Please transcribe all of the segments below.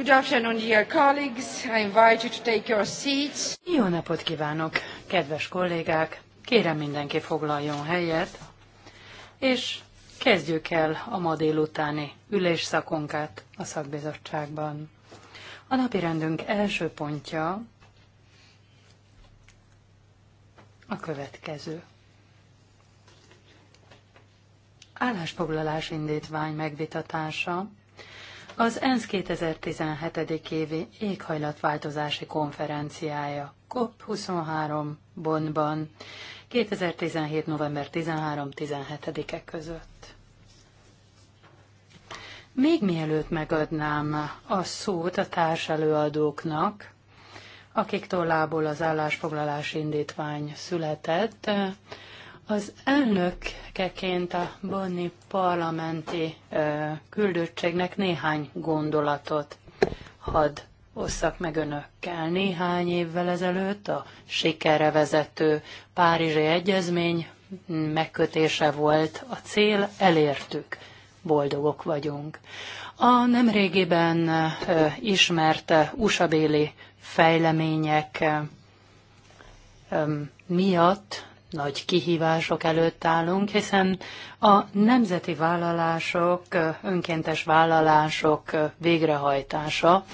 Good afternoon, dear colleagues. I invite you to take your seats. Jó napot kívánok, kedves kollégák! Kérem mindenki foglaljon helyet, és kezdjük el a ma délutáni ülésszakonkát a szakbizottságban. A rendünk első pontja a következő. Állásfoglalás indítvány megvitatása az ENSZ 2017. évi éghajlatváltozási konferenciája COP23 Bonnban 2017. november 13-17-e között. Még mielőtt megadnám a szót a társelőadóknak, akik tollából az állásfoglalási indítvány született, az elnökeként a Bonni parlamenti ö, küldöttségnek néhány gondolatot had osszak meg önökkel. Néhány évvel ezelőtt a sikerre vezető Párizsi Egyezmény megkötése volt a cél, elértük, boldogok vagyunk. A nemrégiben ö, ismert USA-béli fejlemények ö, miatt nagy kihívások előtt állunk, hiszen a nemzeti vállalások, önkéntes vállalások végrehajtása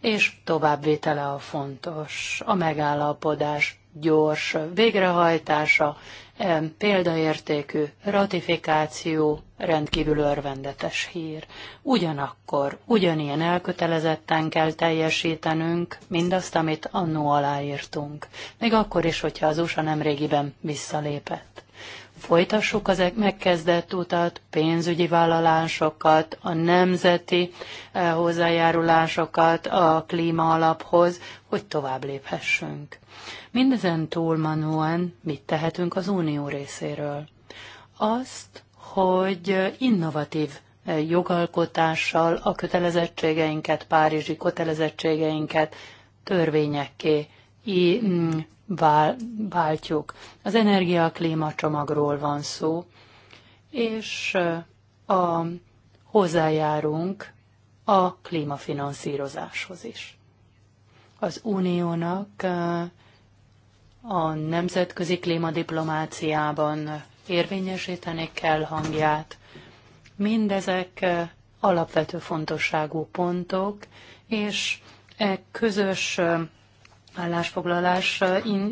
és továbbvétele a fontos. A megállapodás gyors végrehajtása példaértékű ratifikáció rendkívül örvendetes hír. Ugyanakkor ugyanilyen elkötelezetten kell teljesítenünk mindazt, amit annó aláírtunk, még akkor is, hogyha az USA nemrégiben visszalépett folytassuk az megkezdett utat, pénzügyi vállalásokat, a nemzeti eh, hozzájárulásokat a klíma alaphoz, hogy tovább léphessünk. Mindezen túlmanóan mit tehetünk az unió részéről? Azt, hogy innovatív eh, jogalkotással a kötelezettségeinket, párizsi kötelezettségeinket törvényekké mm, vál, váltjuk. Az energia klíma csomagról van szó, és a, hozzájárunk a klímafinanszírozáshoz is. Az uniónak a nemzetközi klímadiplomáciában érvényesíteni kell hangját. Mindezek alapvető fontosságú pontok, és e közös állásfoglalás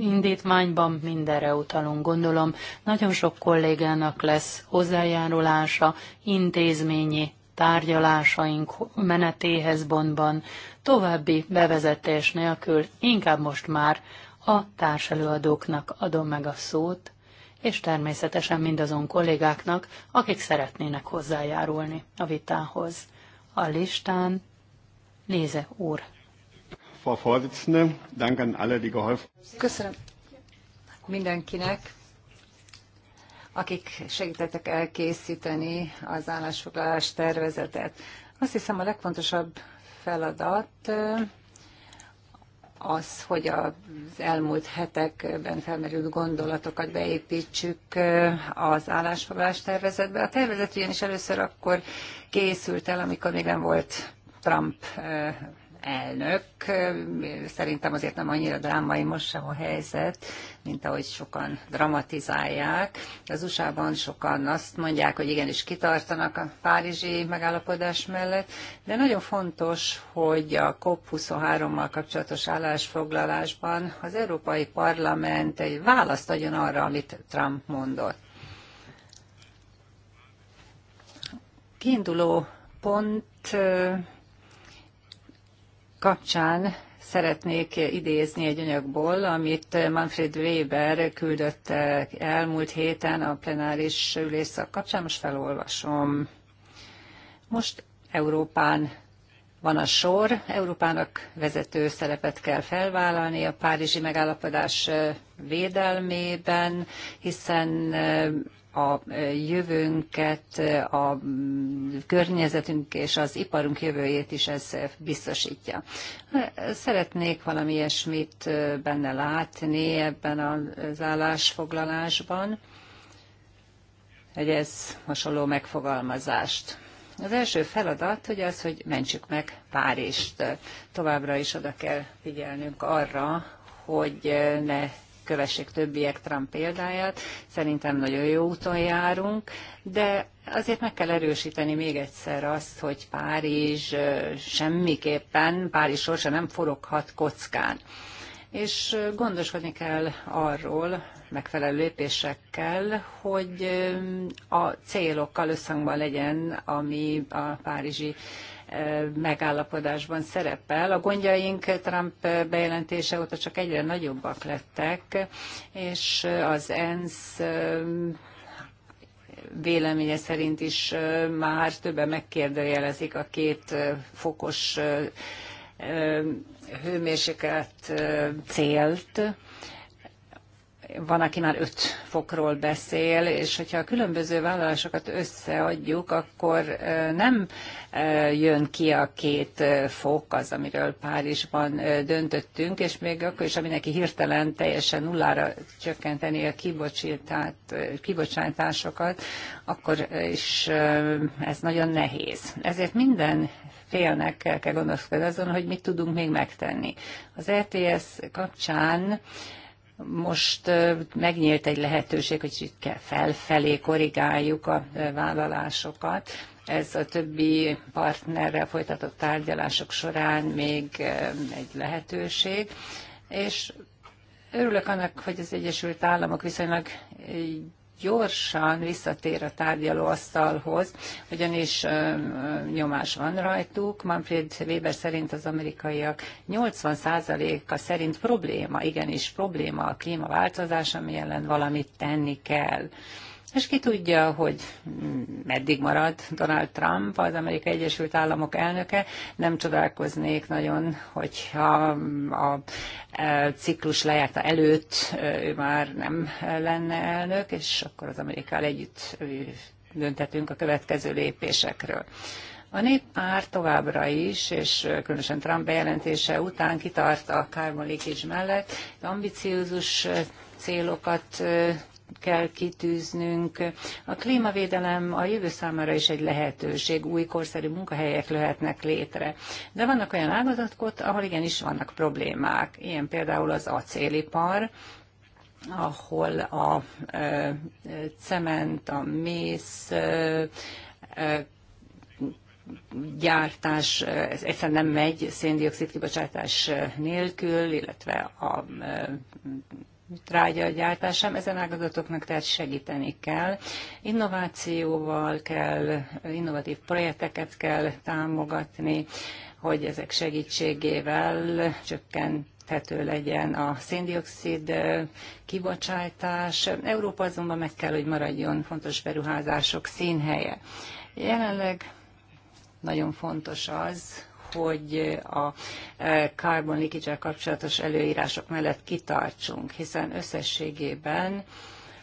indítványban mindenre utalunk, gondolom. Nagyon sok kollégának lesz hozzájárulása intézményi tárgyalásaink menetéhez bonban, további bevezetés nélkül inkább most már a társelőadóknak adom meg a szót, és természetesen mindazon kollégáknak, akik szeretnének hozzájárulni a vitához. A listán Léze úr Frau Vorsitzende. Dank an alle, die geholfen Köszönöm mindenkinek, akik segítettek elkészíteni az állásfoglalás tervezetet. Azt hiszem a legfontosabb feladat az, hogy az elmúlt hetekben felmerült gondolatokat beépítsük az állásfoglalás tervezetbe. A tervezet ugyanis először akkor készült el, amikor még nem volt Trump elnök. Szerintem azért nem annyira drámai most sem a helyzet, mint ahogy sokan dramatizálják. Az USA-ban sokan azt mondják, hogy igenis kitartanak a párizsi megállapodás mellett, de nagyon fontos, hogy a COP23-mal kapcsolatos állásfoglalásban az Európai Parlament egy választ adjon arra, amit Trump mondott. Kiinduló pont kapcsán szeretnék idézni egy anyagból, amit Manfred Weber küldött el múlt héten a plenáris ülésszak kapcsán, most felolvasom. Most Európán van a sor, Európának vezető szerepet kell felvállalni a Párizsi megállapodás védelmében, hiszen a jövőnket, a környezetünk és az iparunk jövőjét is ez biztosítja. Szeretnék valami ilyesmit benne látni ebben az állásfoglalásban, egy ez hasonló megfogalmazást. Az első feladat hogy az, hogy mentsük meg Párizst. Továbbra is oda kell figyelnünk arra, hogy ne kövessék többiek Trump példáját. Szerintem nagyon jó úton járunk, de azért meg kell erősíteni még egyszer azt, hogy Párizs semmiképpen, Párizs sorsa nem foroghat kockán. És gondoskodni kell arról, megfelelő lépésekkel, hogy a célokkal összhangban legyen, ami a párizsi megállapodásban szerepel. A gondjaink Trump bejelentése óta csak egyre nagyobbak lettek, és az ENSZ véleménye szerint is már többen megkérdőjelezik a két fokos hőmérséklet célt van, aki már 5 fokról beszél, és hogyha a különböző vállalásokat összeadjuk, akkor nem jön ki a két fok, az, amiről Párizsban döntöttünk, és még akkor is, aminek hirtelen teljesen nullára csökkenteni a kibocsátásokat, akkor is ez nagyon nehéz. Ezért minden félnek kell, kell gondolkodni azon, hogy mit tudunk még megtenni. Az RTS e kapcsán most megnyílt egy lehetőség, hogy itt kell felfelé korrigáljuk a vállalásokat. Ez a többi partnerrel folytatott tárgyalások során még egy lehetőség, és örülök annak, hogy az Egyesült Államok viszonylag gyorsan visszatér a tárgyalóasztalhoz, ugyanis nyomás van rajtuk. Manfred Weber szerint az amerikaiak 80%-a szerint probléma, igenis probléma a klímaváltozás, ami ellen valamit tenni kell. És ki tudja, hogy mm, meddig marad Donald Trump, az Amerikai Egyesült Államok elnöke. Nem csodálkoznék nagyon, hogyha a ciklus lejárta előtt ő már nem lenne elnök, és akkor az Amerikával együtt döntetünk a következő lépésekről. A néppár továbbra is, és különösen Trump bejelentése után kitart a carbon mellett, ambiciózus célokat kell kitűznünk. A klímavédelem a jövő számára is egy lehetőség, új korszerű munkahelyek lehetnek létre. De vannak olyan ágazatok, ahol igenis vannak problémák, ilyen például az acélipar, ahol a cement, a mész, gyártás ez egyszerűen nem megy széndiokszid kibocsátás nélkül, illetve a trágya gyártásán, ezen ágazatoknak tehát segíteni kell. Innovációval kell, innovatív projekteket kell támogatni, hogy ezek segítségével csökkent legyen a széndiokszid kibocsátás. Európa azonban meg kell, hogy maradjon fontos beruházások színhelye. Jelenleg nagyon fontos az, hogy a e, carbon leakage kapcsolatos előírások mellett kitartsunk, hiszen összességében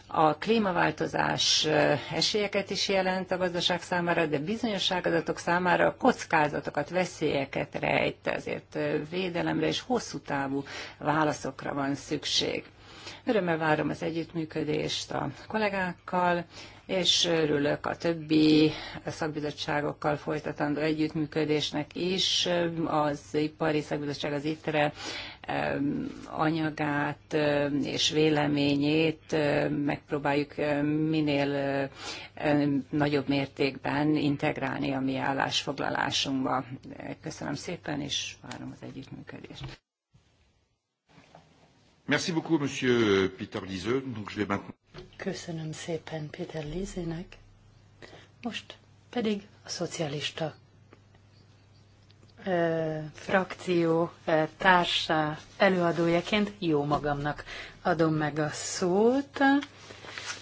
a klímaváltozás e, esélyeket is jelent a gazdaság számára, de bizonyos ágazatok számára a kockázatokat, veszélyeket rejt, ezért e, védelemre és hosszú távú válaszokra van szükség. Örömmel várom az együttműködést a kollégákkal, és örülök a többi szakbizottságokkal folytatandó együttműködésnek is. Az ipari szakbizottság az ITRE anyagát és véleményét megpróbáljuk minél nagyobb mértékben integrálni a mi állásfoglalásunkba. Köszönöm szépen, és várom az együttműködést. Merci beaucoup, Monsieur Peter Liseux. Donc, je vais maintenant... Köszönöm szépen Péter Lézének. Most pedig a szocialista ö, frakció ö, társa előadójaként jó magamnak adom meg a szót.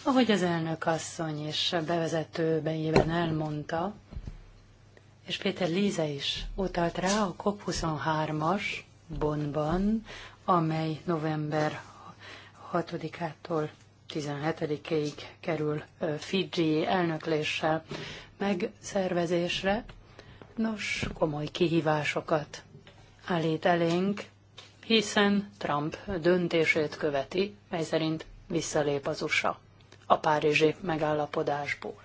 Ahogy az elnök asszony és bevezetőben elmondta, és Péter Líze is utalt rá a COP23-as Bonban, amely november 6-ától 17-ig kerül Fidzsi elnökléssel megszervezésre. Nos, komoly kihívásokat állít elénk, hiszen Trump döntését követi, mely szerint visszalép az USA a párizsi megállapodásból.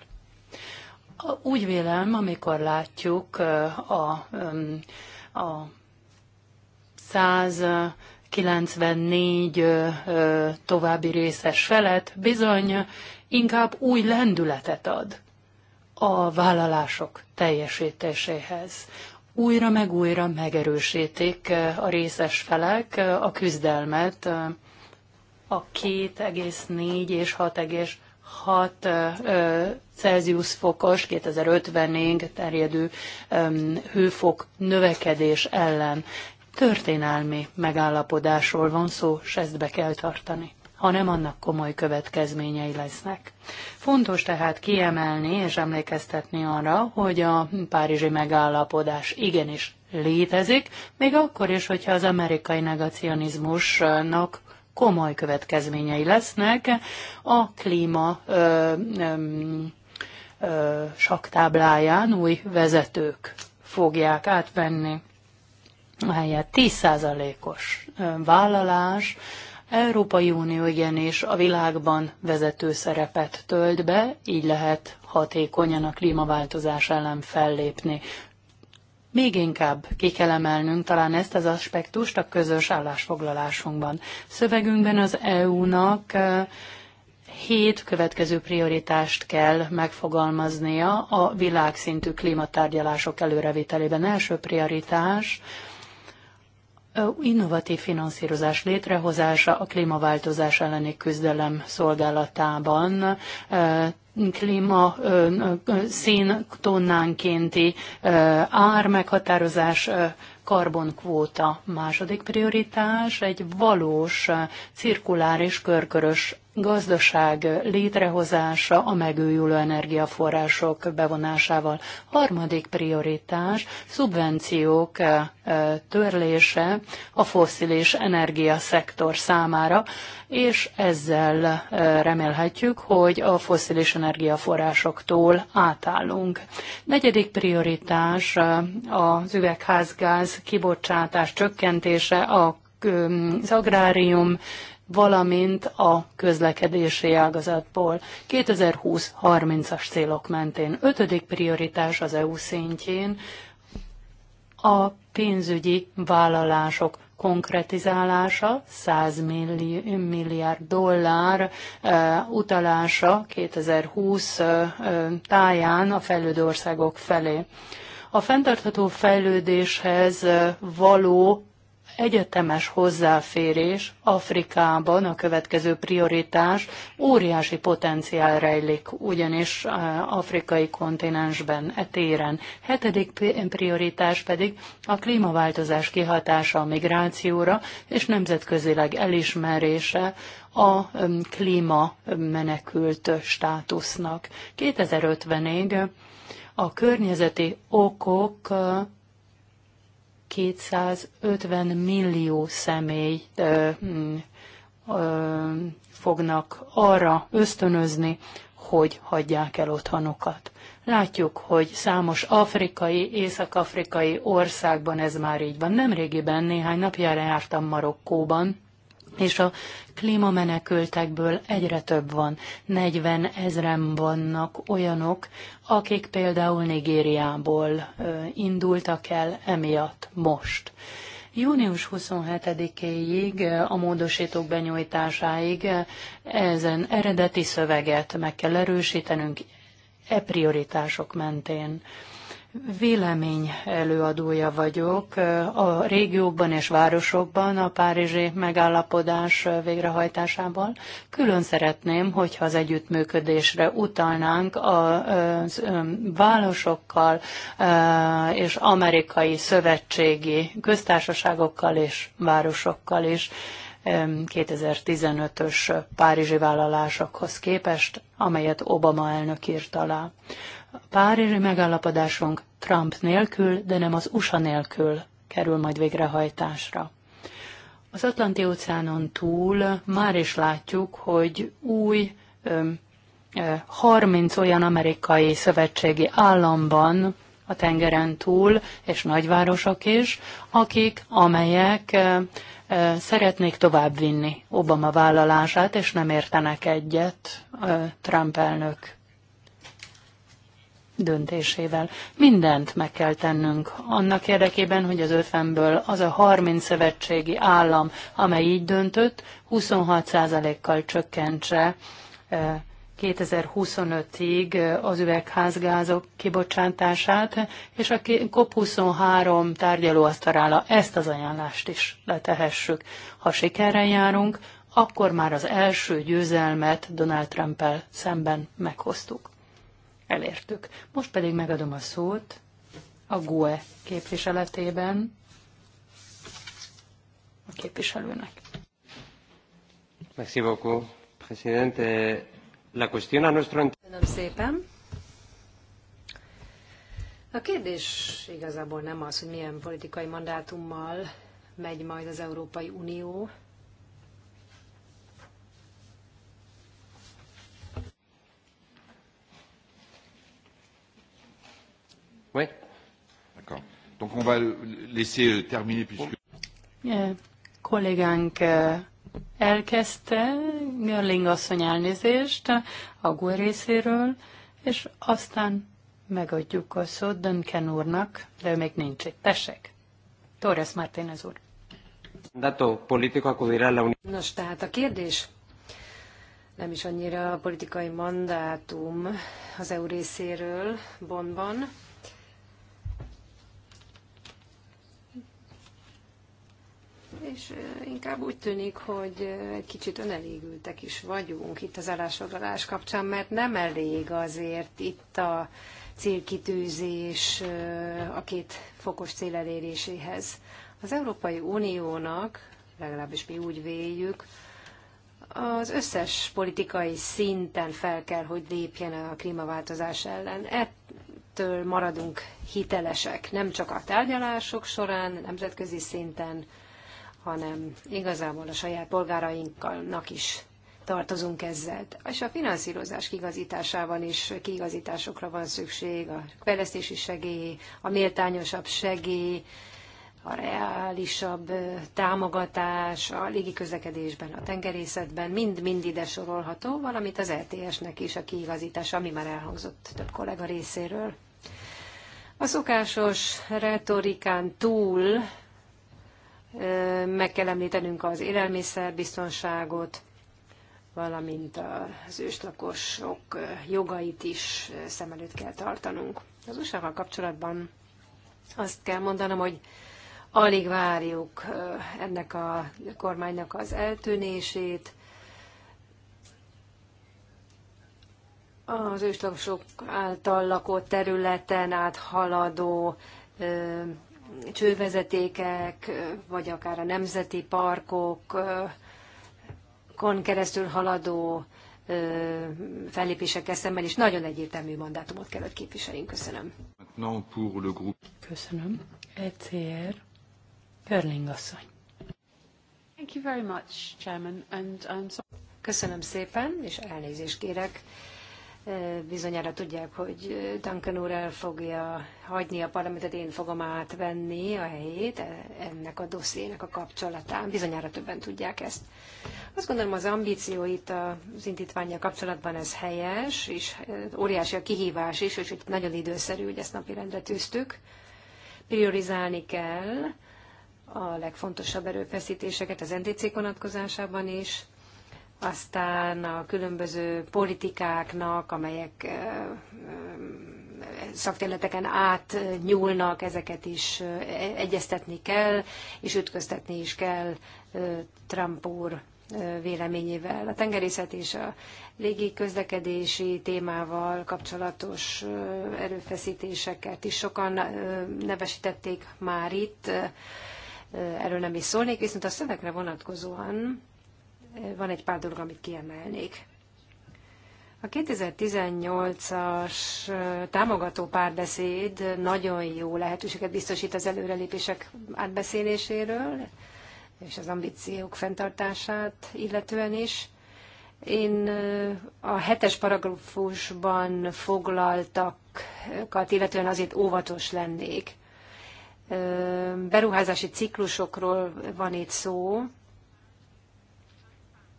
Úgy vélem, amikor látjuk a, a 100 94 további részes felett bizony inkább új lendületet ad a vállalások teljesítéséhez. Újra meg újra megerősítik a részes felek a küzdelmet a 2,4 és 6,6 Celsius fokos 2050-ig terjedő hőfok növekedés ellen. Történelmi megállapodásról van szó, s ezt be kell tartani hanem annak komoly következményei lesznek. Fontos tehát kiemelni és emlékeztetni arra, hogy a párizsi megállapodás igenis létezik, még akkor is, hogyha az amerikai negacionizmusnak komoly következményei lesznek a klíma ö, ö, ö, saktábláján új vezetők fogják átvenni helyett 10%-os vállalás, Európai Unió igenis a világban vezető szerepet tölt be, így lehet hatékonyan a klímaváltozás ellen fellépni. Még inkább ki kell emelnünk talán ezt az aspektust a közös állásfoglalásunkban. Szövegünkben az EU-nak hét következő prioritást kell megfogalmaznia a világszintű klímatárgyalások előrevitelében. Első prioritás innovatív finanszírozás létrehozása a klímaváltozás elleni küzdelem szolgálatában klíma szín tonnánkénti ár meghatározás karbonkvóta második prioritás, egy valós cirkuláris körkörös gazdaság létrehozása a megújuló energiaforrások bevonásával. Harmadik prioritás szubvenciók eh, eh, törlése a foszilis energiaszektor számára, és ezzel eh, remélhetjük, hogy a foszilis energiaforrásoktól átállunk. Negyedik prioritás az üvegházgáz kibocsátás csökkentése a az agrárium valamint a közlekedési ágazatból 2020-30-as célok mentén. Ötödik prioritás az EU szintjén a pénzügyi vállalások konkretizálása, 100 milli, milliárd dollár e, utalása 2020 e, eh, táján a fejlődő országok felé. A fenntartható fejlődéshez eh, való egyetemes hozzáférés Afrikában a következő prioritás, óriási potenciál rejlik ugyanis e, afrikai kontinensben, e téren. Hetedik prioritás pedig a klímaváltozás kihatása a migrációra és nemzetközileg elismerése a e, klíma menekült státusznak. 2050-ig a környezeti okok e, 250 millió személy ö, mm, ö, fognak arra ösztönözni, hogy hagyják el otthonukat. Látjuk, hogy számos afrikai, észak-afrikai országban ez már így van. Nemrégiben néhány napjára jártam Marokkóban, és a klímamenekültekből egyre több van. 40 ezren vannak olyanok, akik például Nigériából indultak el emiatt most. Június 27-éig, a módosítók benyújtásáig ezen eredeti szöveget meg kell erősítenünk e prioritások mentén. Vélemény előadója vagyok. A régiókban és városokban a Párizsi megállapodás végrehajtásával külön szeretném, hogyha az együttműködésre utalnánk a városokkal és amerikai szövetségi köztársaságokkal és városokkal is. 2015-ös párizsi vállalásokhoz képest, amelyet Obama elnök írt alá. Párizsi megállapodásunk Trump nélkül, de nem az USA nélkül kerül majd végrehajtásra. Az Atlanti-óceánon túl már is látjuk, hogy új 30 olyan amerikai szövetségi államban a tengeren túl, és nagyvárosok is, akik, amelyek szeretnék továbbvinni Obama vállalását, és nem értenek egyet Trump elnök döntésével. Mindent meg kell tennünk annak érdekében, hogy az öfemből az a 30 szövetségi állam, amely így döntött, 26%-kal csökkentse 2025-ig az üvegházgázok kibocsátását, és a COP23 tárgyalóasztalára ezt az ajánlást is letehessük. Ha sikerrel járunk, akkor már az első győzelmet Donald trump szemben meghoztuk. Elértük. Most pedig megadom a szót a GUE képviseletében a képviselőnek. a Köszönöm szépen. A kérdés igazából nem az, hogy milyen politikai mandátummal megy majd az Európai Unió Donc on va laisser euh, terminer puisque... Yeah. Kollégánk eh, elkezdte, Görling asszony elnézést a GUE részéről, és aztán megadjuk a szót Duncan úrnak, de ő még nincs itt. Tessék! Torres Martínez úr. Nos, tehát a kérdés nem is annyira a politikai mandátum az EU részéről Bonban, és inkább úgy tűnik, hogy egy kicsit önelégültek is vagyunk itt az elásodalás kapcsán, mert nem elég azért itt a célkitűzés a két fokos cél eléréséhez. Az Európai Uniónak, legalábbis mi úgy véljük, az összes politikai szinten fel kell, hogy lépjen a klímaváltozás ellen. Ettől maradunk hitelesek, nem csak a tárgyalások során, nemzetközi szinten, hanem igazából a saját polgárainknak is tartozunk ezzel. És a finanszírozás kigazításában is kigazításokra van szükség, a fejlesztési segély, a méltányosabb segély, a reálisabb támogatás a légiközlekedésben, a tengerészetben, mind-mind ide sorolható, valamint az LTS-nek e is a kiigazítás, ami már elhangzott több kollega részéről. A szokásos retorikán túl meg kell említenünk az élelmiszerbiztonságot, valamint az őslakosok jogait is szem előtt kell tartanunk. Az usa kapcsolatban azt kell mondanom, hogy alig várjuk ennek a kormánynak az eltűnését. Az őslakosok által lakott területen áthaladó csővezetékek, vagy akár a nemzeti parkokon keresztül haladó fellépések eszemben is nagyon egyértelmű mandátumot kellett képviseljünk. Köszönöm. Köszönöm. ECR. Körling asszony. Thank you very much, Chairman, and I'm sorry. Köszönöm szépen, és elnézést kérek Eh, bizonyára tudják, hogy eh, Duncan úr el fogja hagyni a parlamentet, én fogom átvenni a helyét e, ennek a dossziének a kapcsolatán. Bizonyára többen tudják ezt. Azt gondolom az ambíció itt az indítványjal kapcsolatban ez helyes, és eh, óriási a kihívás is, és nagyon időszerű, hogy ezt napirendre tűztük. Priorizálni kell a legfontosabb erőfeszítéseket az NDC vonatkozásában is, aztán a különböző politikáknak, amelyek szakterületeken átnyúlnak, ezeket is egyeztetni kell, és ütköztetni is kell Trump úr véleményével. A tengerészet és a légi közlekedési témával kapcsolatos erőfeszítéseket is sokan nevesítették már itt, erről nem is szólnék, viszont a szövegre vonatkozóan van egy pár dolog, amit kiemelnék. A 2018-as támogató párbeszéd nagyon jó lehetőséget biztosít az előrelépések átbeszéléséről, és az ambíciók fenntartását illetően is. Én a hetes paragrafusban foglaltakat, illetően azért óvatos lennék. Beruházási ciklusokról van itt szó,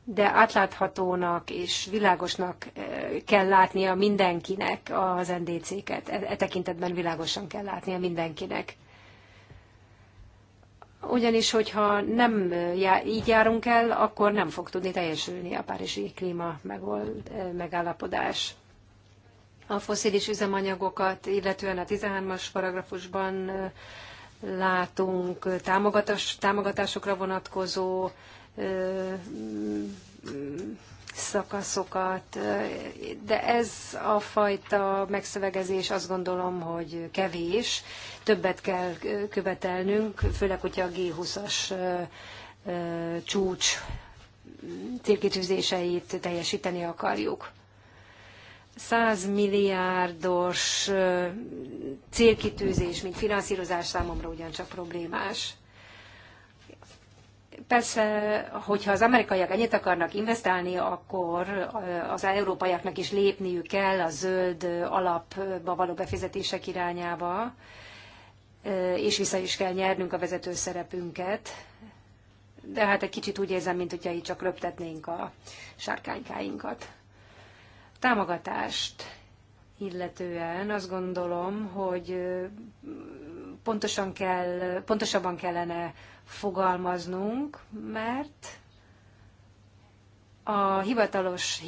de átláthatónak és világosnak eh, kell látnia mindenkinek az NDC-ket. E, e tekintetben világosan kell látnia mindenkinek. Ugyanis, hogyha nem eh, já- így járunk el, akkor nem fog tudni teljesülni a Párizsi klíma megold, eh, megállapodás. A foszilis üzemanyagokat, illetően a 13-as paragrafusban látunk támogatás, támogatásokra vonatkozó szakaszokat, de ez a fajta megszövegezés azt gondolom, hogy kevés. Többet kell követelnünk, főleg, hogyha a G20-as csúcs célkitűzéseit teljesíteni akarjuk. 100 milliárdos célkitűzés, mint finanszírozás számomra ugyancsak problémás. Persze, hogyha az amerikaiak ennyit akarnak investálni, akkor az európaiaknak is lépniük kell a zöld alapba való befizetések irányába, és vissza is kell nyernünk a vezető szerepünket. De hát egy kicsit úgy érzem, mint hogyha itt csak röptetnénk a sárkánykáinkat. Támogatást illetően azt gondolom, hogy pontosan kell, pontosabban kellene fogalmaznunk, mert a hivatalos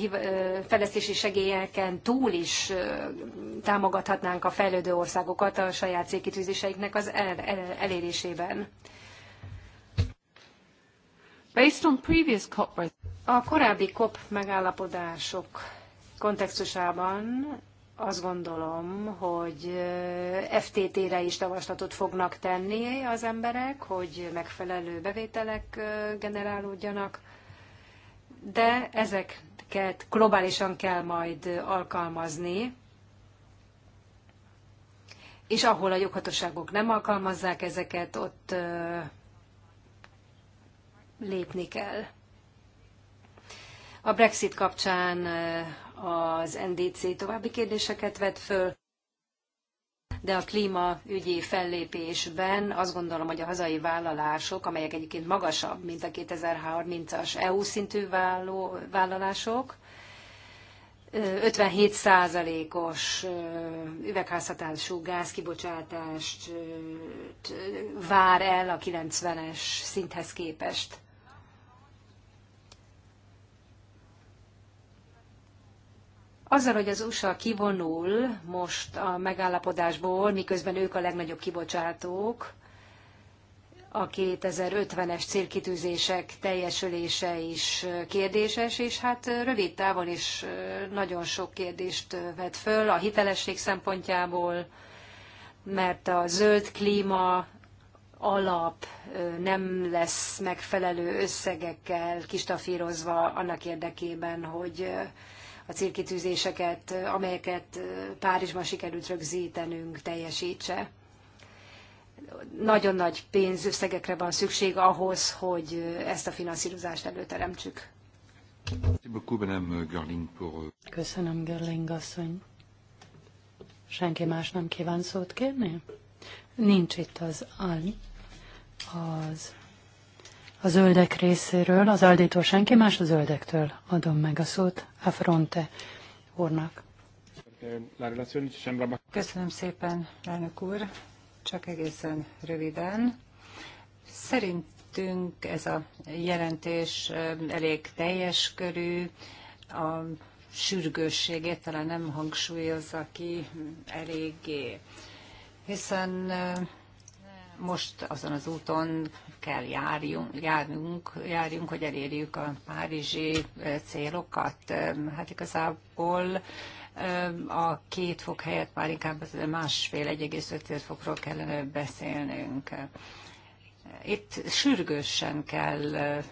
fejlesztési segélyeken túl is támogathatnánk a fejlődő országokat a saját célkitűzéseiknek az el, el, elérésében. Based on previous COP... A korábbi COP megállapodások kontextusában azt gondolom, hogy eh, FTT-re is javaslatot fognak tenni az emberek, hogy megfelelő bevételek eh, generálódjanak, de ezeket globálisan kell majd alkalmazni, és ahol a joghatóságok nem alkalmazzák ezeket, ott eh, lépni kell. A Brexit kapcsán az NDC további kérdéseket vet föl, de a klímaügyi fellépésben azt gondolom, hogy a hazai vállalások, amelyek egyébként magasabb, mint a 2030-as EU szintű vállalások, 57 százalékos üvegházhatású gázkibocsátást vár el a 90-es szinthez képest. Azzal, hogy az USA kivonul most a megállapodásból, miközben ők a legnagyobb kibocsátók, a 2050-es célkitűzések teljesülése is kérdéses, és hát rövid távon is nagyon sok kérdést vet föl a hitelesség szempontjából, mert a zöld klíma alap nem lesz megfelelő összegekkel kistafírozva annak érdekében, hogy a célkitűzéseket, amelyeket Párizsban sikerült rögzítenünk, teljesítse. Nagyon nagy pénzösszegekre van szükség ahhoz, hogy ezt a finanszírozást előteremtsük. Euh, Köszönöm, Görling asszony. Senki más nem kíván szót kérni? Nincs itt az al, az a zöldek részéről, az aldítól senki más, a zöldektől adom meg a szót a fronte úrnak. Köszönöm szépen, elnök úr. Csak egészen röviden. Szerintünk ez a jelentés elég teljes körű, a sürgősségét talán nem hangsúlyozza ki eléggé, hiszen most azon az úton kell járjunk, járnunk, járjunk, hogy elérjük a párizsi eh, célokat. Hát igazából a két fok helyett már inkább másfél, 1,5 fokról kellene beszélnünk. Itt sürgősen kell eh,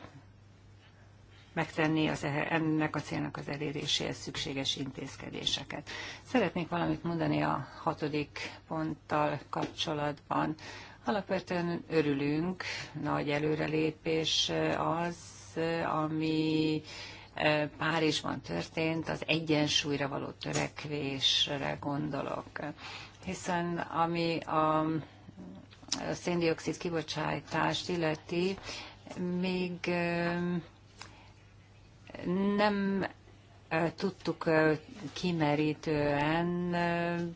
megtenni az, e- ennek a célnak az eléréséhez szükséges intézkedéseket. Szeretnék valamit mondani a hatodik ponttal kapcsolatban. Alapvetően örülünk, nagy előrelépés az, ami e, Párizsban történt, az egyensúlyra való törekvésre gondolok. Hiszen ami a széndiokszid kibocsátást illeti, még e, nem tudtuk kimerítően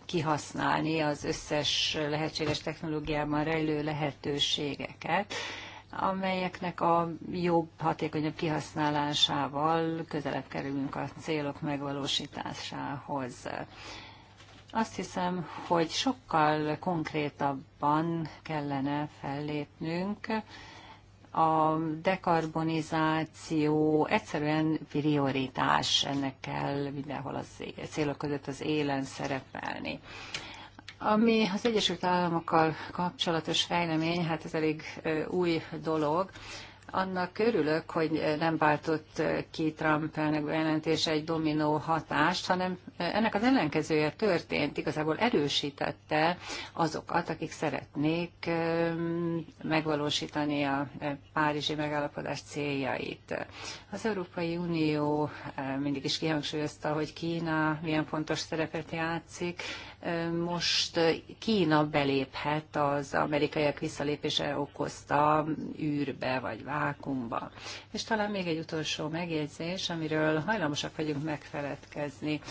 kihasználni az összes lehetséges technológiában rejlő lehetőségeket, amelyeknek a jobb, hatékonyabb kihasználásával közelebb kerülünk a célok megvalósításához. Azt hiszem, hogy sokkal konkrétabban kellene fellépnünk, a dekarbonizáció egyszerűen prioritás, ennek kell mindenhol az célok között az élen szerepelni. Ami az Egyesült Államokkal kapcsolatos fejlemény, hát ez elég új dolog. Annak örülök, hogy nem váltott ki Trump elnök jelentése egy dominó hatást, hanem ennek az ellenkezője történt, igazából erősítette azokat, akik szeretnék megvalósítani a Párizsi megállapodás céljait. Az Európai Unió eh, mindig is kihangsúlyozta, hogy Kína milyen fontos szerepet játszik, most Kína beléphet az amerikaiak visszalépése okozta űrbe vagy vákumba. És talán még egy utolsó megjegyzés, amiről hajlamosak vagyunk megfeledkezni.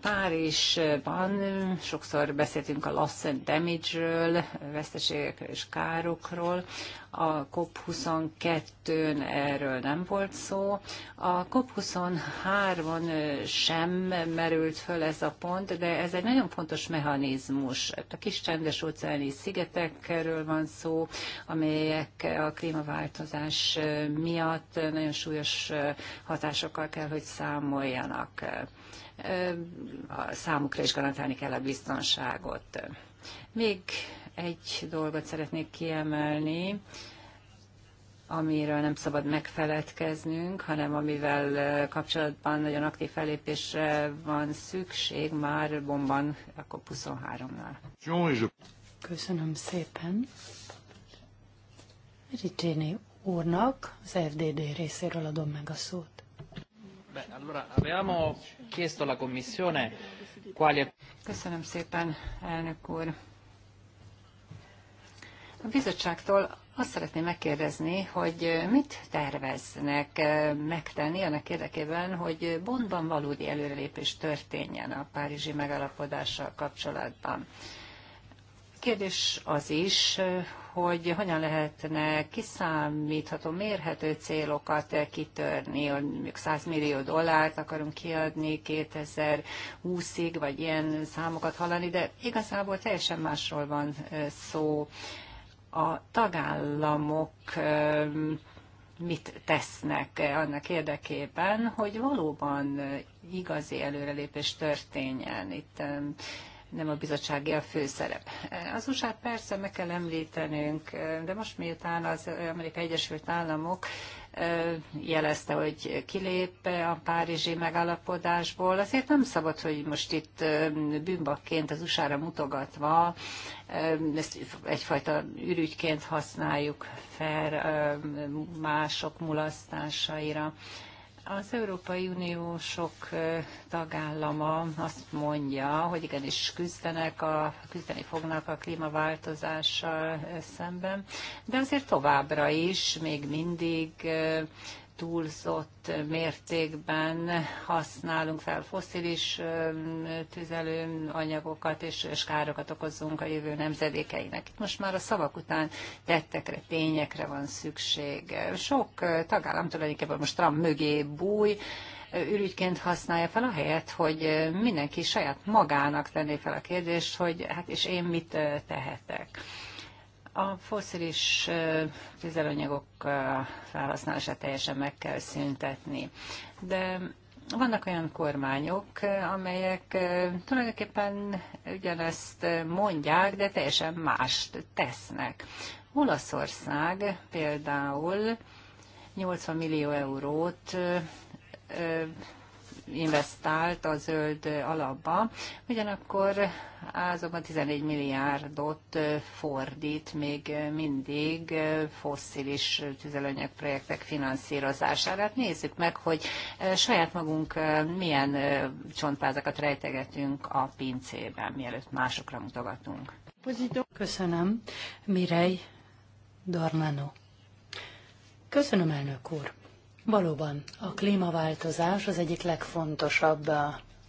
Párizsban sokszor beszéltünk a loss and damage-ről, veszteségekről és károkról. A COP22-n erről nem volt szó. A COP23-on sem merült föl ez a pont, de ez egy nagyon fontos mechanizmus. A kis csendes óceáni szigetekről van szó, amelyek a klímaváltozás miatt nagyon súlyos hatásokkal kell, hogy számoljanak. A számukra is garantálni kell a biztonságot. Még egy dolgot szeretnék kiemelni, amiről nem szabad megfeledkeznünk, hanem amivel kapcsolatban nagyon aktív felépésre van szükség már bomban a 23 nál Köszönöm szépen. Ricsini úrnak az FDD részéről adom meg a szót. Köszönöm szépen, elnök úr. A bizottságtól azt szeretném megkérdezni, hogy mit terveznek eh, megtenni annak érdekében, hogy Bondban valódi előrelépés történjen a párizsi megállapodással kapcsolatban. Kérdés az is, hogy hogyan lehetne kiszámítható, mérhető célokat kitörni, hogy mondjuk 100 millió dollárt akarunk kiadni 2020-ig, vagy ilyen számokat hallani, de igazából teljesen másról van eh, szó a tagállamok mit tesznek annak érdekében, hogy valóban igazi előrelépés történjen. Itt nem a bizottsági a főszerep. Az usa persze meg kell említenünk, de most miután az Amerikai Egyesült Államok jelezte, hogy kilép a párizsi megállapodásból. Azért nem szabad, hogy most itt bűnbakként az USA-ra mutogatva ezt egyfajta ürügyként használjuk fel mások mulasztásaira. Az Európai Unió sok tagállama azt mondja, hogy igenis küzdenek, a, küzdeni fognak a klímaváltozással szemben, de azért továbbra is még mindig túlzott mértékben használunk fel foszilis tüzelőanyagokat, és, és károkat okozunk a jövő nemzedékeinek. Itt most már a szavak után tettekre, tényekre van szükség. Sok tagállam tulajdonképpen most Trump mögé búj, ürügyként használja fel a helyet, hogy mindenki saját magának tenné fel a kérdést, hogy hát és én mit tehetek. A foszilis tüzelőanyagok felhasználását teljesen meg kell szüntetni. De vannak olyan kormányok, amelyek tulajdonképpen ugyanezt mondják, de teljesen mást tesznek. Olaszország például 80 millió eurót investált a zöld alapba, ugyanakkor azonban 14 milliárdot fordít még mindig fosszilis tüzelőanyag projektek finanszírozására. Hát nézzük meg, hogy eh, saját magunk eh, milyen eh, csontvázakat rejtegetünk a pincében, mielőtt másokra mutogatunk. Köszönöm. Mirej Dornano. Köszönöm, elnök úr. Valóban, a klímaváltozás az egyik legfontosabb eh,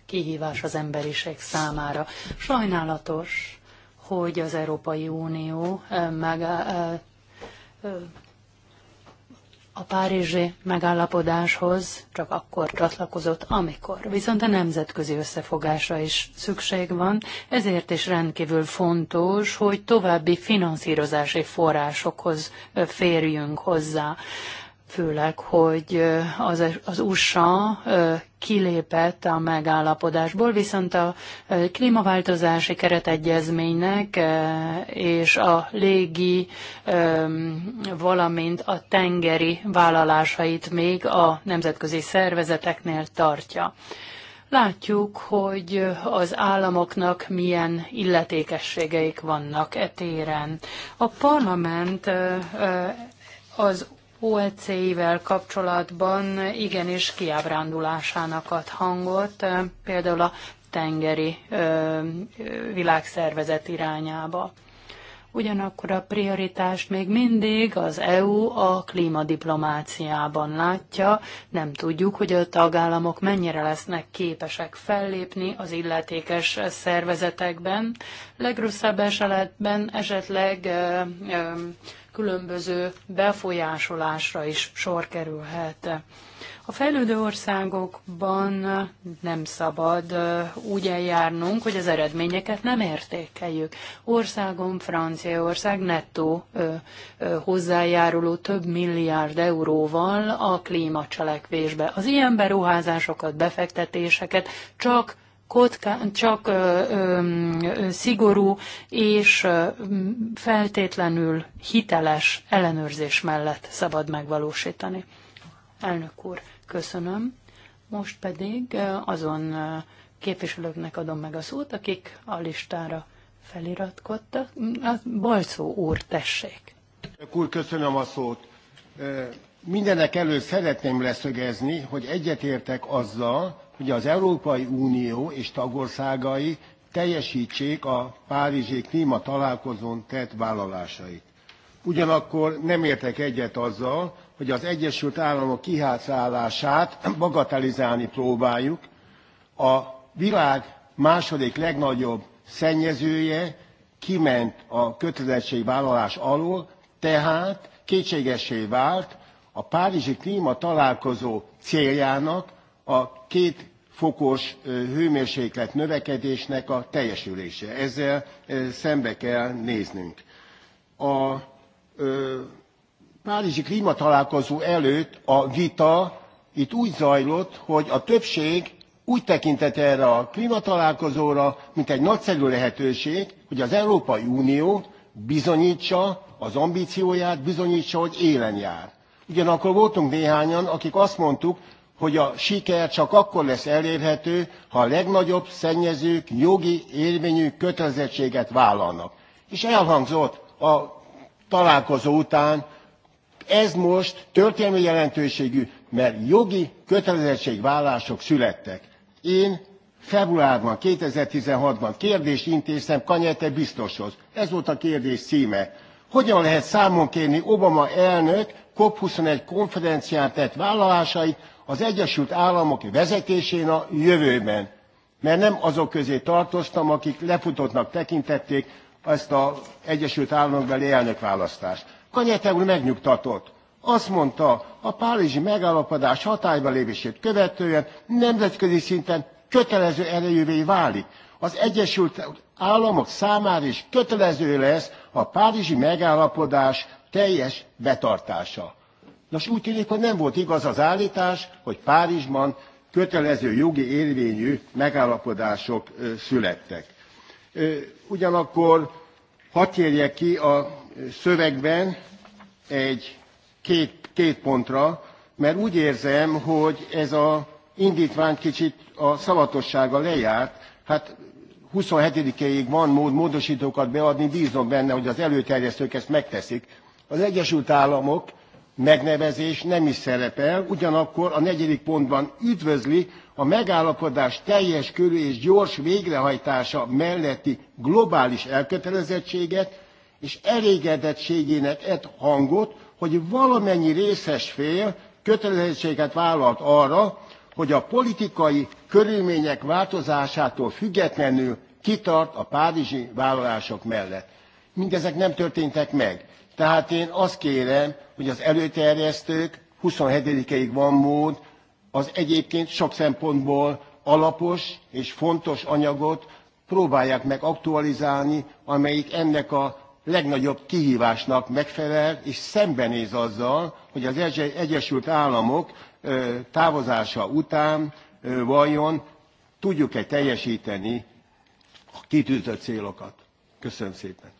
kihívás az emberiség számára. Sajnálatos, hogy az Európai Unió eh, meg eh, a párizsi megállapodáshoz csak akkor csatlakozott, amikor. Viszont a nemzetközi összefogásra is szükség van, ezért is rendkívül fontos, hogy további finanszírozási forrásokhoz férjünk hozzá főleg, hogy az, az USA kilépett a megállapodásból, viszont a klímaváltozási keretegyezménynek és a légi, valamint a tengeri vállalásait még a nemzetközi szervezeteknél tartja. Látjuk, hogy az államoknak milyen illetékességeik vannak e téren. A parlament az OEC-ivel kapcsolatban igenis kiábrándulásának ad hangot, például a tengeri világszervezet irányába. Ugyanakkor a prioritást még mindig az EU a klímadiplomáciában látja. Nem tudjuk, hogy a tagállamok mennyire lesznek képesek fellépni az illetékes szervezetekben. Legrosszabb esetben esetleg ö, ö, különböző befolyásolásra is sor kerülhet. A fejlődő országokban nem szabad úgy eljárnunk, hogy az eredményeket nem értékeljük. Országom, Franciaország nettó hozzájáruló több milliárd euróval a klímacselekvésbe. Az ilyen beruházásokat, befektetéseket csak kockán, csak ö, ö, szigorú és ö, feltétlenül hiteles ellenőrzés mellett szabad megvalósítani. Elnök úr, köszönöm. Most pedig azon képviselőknek adom meg a szót, akik a listára feliratkodtak. Balcó úr, tessék. Elnök úr, köszönöm a szót. Mindenek előtt szeretném leszögezni, hogy egyetértek azzal, hogy az Európai Unió és tagországai teljesítsék a Párizsi klíma találkozón tett vállalásait. Ugyanakkor nem értek egyet azzal, hogy az Egyesült Államok kihátszállását bagatelizálni próbáljuk. A világ második legnagyobb szennyezője kiment a kötelezettségvállalás alól, tehát kétségessé vált a Párizsi klíma találkozó céljának, a két fokos hőmérséklet növekedésnek a teljesülése. Ezzel szembe kell néznünk. A Párizsi klímatalálkozó előtt a vita itt úgy zajlott, hogy a többség úgy tekintett erre a klímatalálkozóra, mint egy nagyszerű lehetőség, hogy az Európai Unió bizonyítsa az ambícióját, bizonyítsa, hogy élen jár. Ugyanakkor voltunk néhányan, akik azt mondtuk, hogy a siker csak akkor lesz elérhető, ha a legnagyobb szennyezők jogi érvényű kötelezettséget vállalnak. És elhangzott a találkozó után, ez most történelmi jelentőségű, mert jogi kötelezettségvállások születtek. Én februárban, 2016-ban kérdést intéztem Kanyete biztoshoz. Ez volt a kérdés címe. Hogyan lehet számon kérni Obama elnök COP21 konferencián tett vállalásait, az Egyesült Államok vezetésén a jövőben. Mert nem azok közé tartoztam, akik lefutottnak tekintették ezt az Egyesült Államokbeli elnökválasztást. Kanyete úr megnyugtatott. Azt mondta, a párizsi megállapodás hatályba lépését követően nemzetközi szinten kötelező erejűvé válik. Az Egyesült Államok számára is kötelező lesz a párizsi megállapodás teljes betartása. Nos, úgy tűnik, hogy nem volt igaz az állítás, hogy Párizsban kötelező jogi érvényű megállapodások születtek. Ugyanakkor hadd térjek ki a szövegben egy két, két pontra, mert úgy érzem, hogy ez a indítvány kicsit a szavatossága lejárt. Hát 27-ig van mód módosítókat beadni, bízom benne, hogy az előterjesztők ezt megteszik. Az Egyesült Államok megnevezés nem is szerepel, ugyanakkor a negyedik pontban üdvözli a megállapodás teljes körű és gyors végrehajtása melletti globális elkötelezettséget, és elégedettségének ett hangot, hogy valamennyi részes fél kötelezettséget vállalt arra, hogy a politikai körülmények változásától függetlenül kitart a párizsi vállalások mellett. Mindezek nem történtek meg. Tehát én azt kérem, hogy az előterjesztők 27-ig van mód az egyébként sok szempontból alapos és fontos anyagot próbálják meg aktualizálni, amelyik ennek a legnagyobb kihívásnak megfelel, és szembenéz azzal, hogy az Egyesült Államok távozása után vajon tudjuk-e teljesíteni a kitűzött célokat. Köszönöm szépen.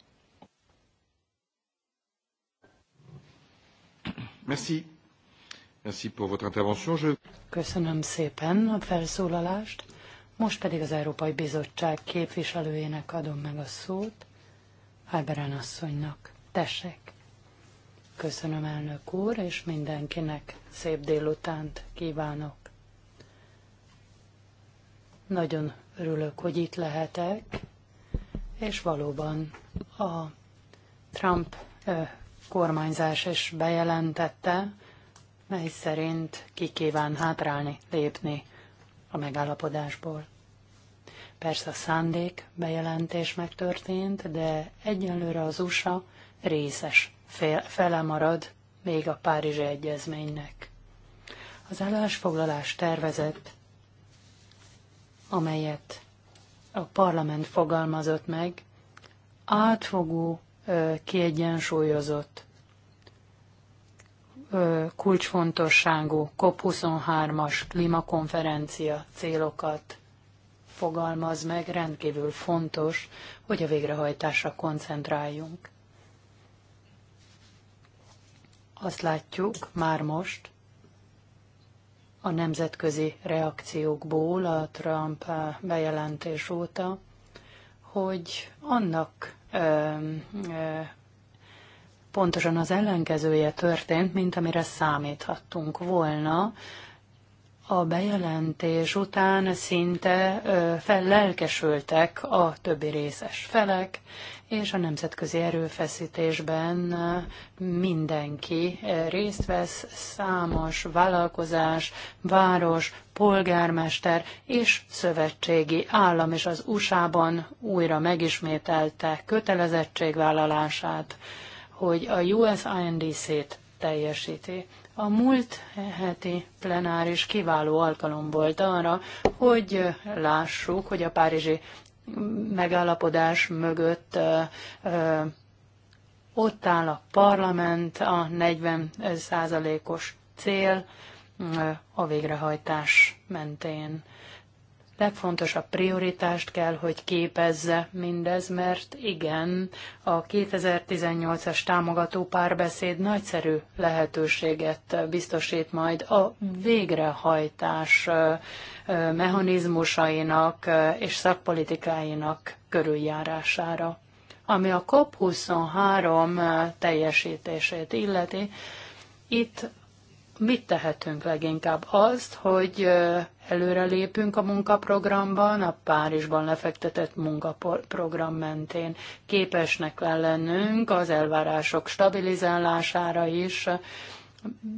Köszönöm szépen a felszólalást. Most pedig az Európai Bizottság képviselőjének adom meg a szót, Áberán asszonynak. Tessék! Köszönöm, elnök úr, és mindenkinek szép délutánt kívánok. Nagyon örülök, hogy itt lehetek, és valóban a Trump kormányzás is bejelentette, mely szerint ki kíván hátrálni, lépni a megállapodásból. Persze a szándék bejelentés megtörtént, de egyenlőre az USA részes fele marad még a Párizsi Egyezménynek. Az állásfoglalás tervezett, amelyet a parlament fogalmazott meg, átfogó kiegyensúlyozott, kulcsfontosságú COP23-as klímakonferencia célokat fogalmaz meg, rendkívül fontos, hogy a végrehajtásra koncentráljunk. Azt látjuk már most a nemzetközi reakciókból a Trump bejelentés óta, hogy annak pontosan az ellenkezője történt, mint amire számíthattunk volna, a bejelentés után szinte fellelkesültek a többi részes felek, és a nemzetközi erőfeszítésben mindenki részt vesz, számos vállalkozás, város, polgármester és szövetségi állam és az USA-ban újra megismételte kötelezettségvállalását, hogy a USINDC-t teljesíti. A múlt heti plenáris kiváló alkalom volt arra, hogy lássuk, hogy a párizsi megállapodás mögött ott áll a parlament, a 40 százalékos cél a végrehajtás mentén legfontosabb prioritást kell, hogy képezze mindez, mert igen, a 2018-as támogató párbeszéd nagyszerű lehetőséget biztosít majd a végrehajtás mechanizmusainak és szakpolitikáinak körüljárására. Ami a COP23 teljesítését illeti, itt mit tehetünk leginkább? Azt, hogy előre lépünk a munkaprogramban, a Párizsban lefektetett munkaprogram mentén. Képesnek kell lennünk az elvárások stabilizálására is,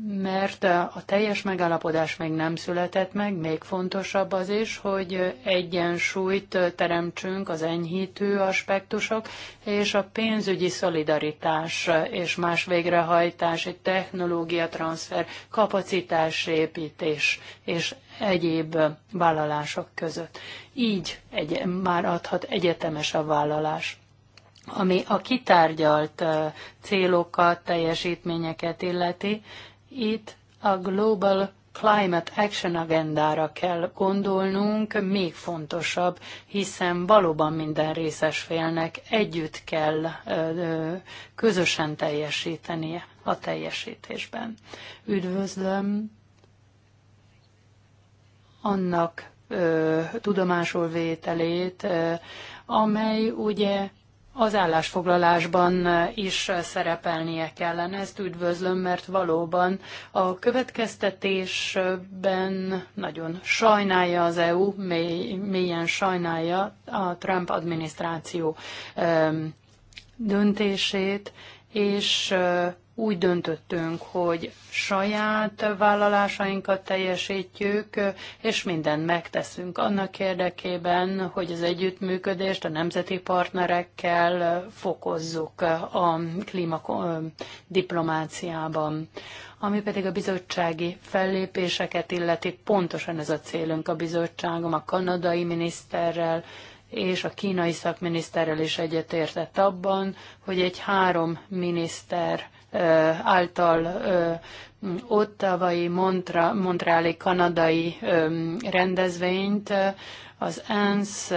mert a teljes megállapodás még nem született meg, még fontosabb az is, hogy egyensúlyt teremtsünk az enyhítő aspektusok és a pénzügyi szolidaritás és más végrehajtási technológia transfer, kapacitásépítés és egyéb vállalások között. Így egy, már adhat egyetemes a vállalás ami a kitárgyalt célokat, teljesítményeket illeti. Itt a Global Climate Action agendára kell gondolnunk, még fontosabb, hiszen valóban minden részes félnek együtt kell közösen teljesítenie a teljesítésben. Üdvözlöm annak ö, tudomásul vételét, amely ugye az állásfoglalásban is szerepelnie kellene. Ezt üdvözlöm, mert valóban a következtetésben nagyon sajnálja az EU, mély, mélyen sajnálja a Trump adminisztráció döntését, és úgy döntöttünk, hogy saját vállalásainkat teljesítjük, és mindent megteszünk annak érdekében, hogy az együttműködést a nemzeti partnerekkel fokozzuk a klímadiplomáciában. Ami pedig a bizottsági fellépéseket illeti, pontosan ez a célunk a bizottságom, a kanadai miniszterrel, és a kínai szakminiszterrel is egyetértett abban, hogy egy három miniszter által ottavai Montreali kanadai rendezvényt az ENSZ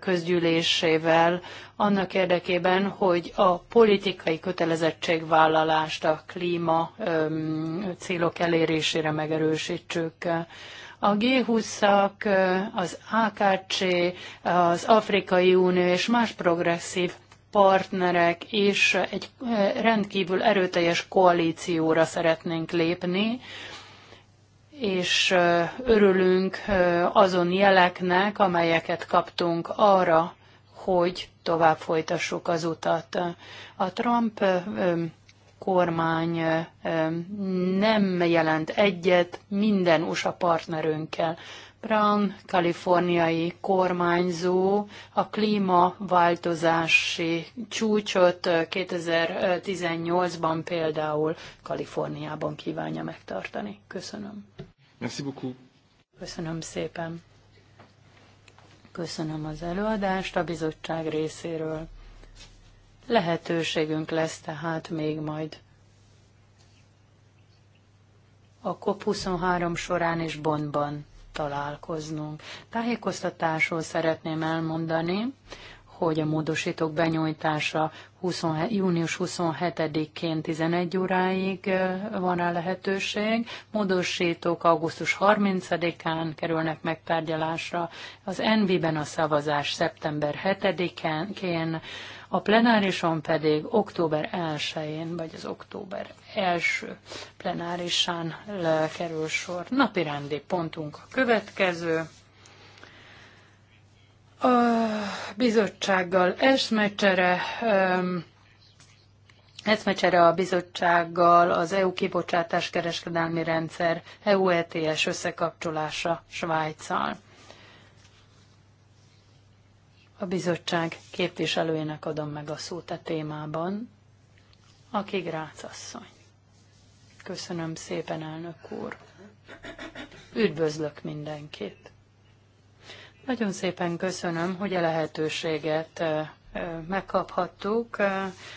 közgyűlésével annak érdekében, hogy a politikai kötelezettségvállalást a klíma célok elérésére megerősítsük. A G20-ak, az AKC, az Afrikai Unió és más progresszív partnerek és egy rendkívül erőteljes koalícióra szeretnénk lépni, és örülünk azon jeleknek, amelyeket kaptunk arra, hogy tovább folytassuk az utat. A Trump kormány nem jelent egyet minden USA partnerünkkel. Brown, kaliforniai kormányzó a klímaváltozási csúcsot 2018-ban például Kaliforniában kívánja megtartani. Köszönöm. Merci beaucoup. Köszönöm szépen. Köszönöm az előadást a bizottság részéről. Lehetőségünk lesz tehát még majd a COP23 során és Bonnban találkoznunk. Tájékoztatásról szeretném elmondani, hogy a módosítók benyújtása 20, június 27-én 11 óráig van rá lehetőség. Módosítók augusztus 30-án kerülnek megtárgyalásra. Az NB-ben a szavazás szeptember 7-én, a plenárison pedig október 1-én, vagy az október első plenárisán kerül sor. Napirendi pontunk a következő a bizottsággal eszmecsere, eszmecsere a bizottsággal az EU kibocsátás kereskedelmi rendszer, EU ETS összekapcsolása Svájccal. A bizottság képviselőjének adom meg a szót a témában, aki Grácz asszony. Köszönöm szépen, elnök úr. Üdvözlök mindenkit. Nagyon szépen köszönöm, hogy a lehetőséget megkaphattuk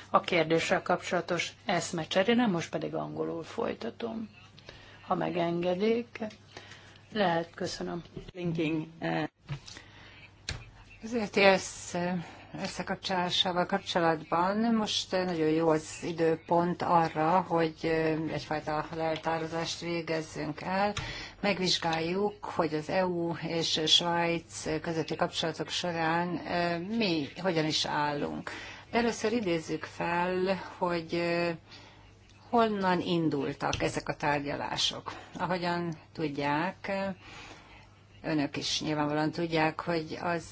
a kérdéssel kapcsolatos eszmecserére, most pedig angolul folytatom, ha megengedik. Lehet, köszönöm. Linking. Az ETS összekapcsolásával kapcsolatban most nagyon jó az időpont arra, hogy egyfajta leltározást végezzünk el megvizsgáljuk, hogy az EU és Svájc közötti kapcsolatok során mi hogyan is állunk. Először idézzük fel, hogy honnan indultak ezek a tárgyalások. Ahogyan tudják, Önök is nyilvánvalóan tudják, hogy az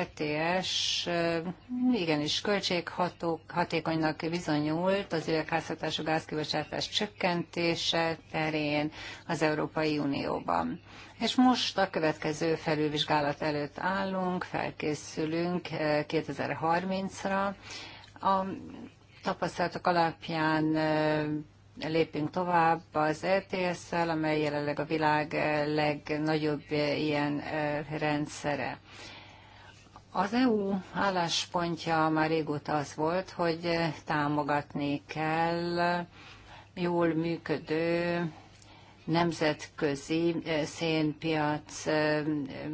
LTS igenis költséghatékonynak bizonyult az üvegházhatású gázkibocsátás csökkentése terén az Európai Unióban. És most a következő felülvizsgálat előtt állunk, felkészülünk 2030-ra. A tapasztalatok alapján lépünk tovább az ETS-szel, amely jelenleg a világ legnagyobb ilyen rendszere. Az EU álláspontja már régóta az volt, hogy támogatni kell jól működő nemzetközi szénpiac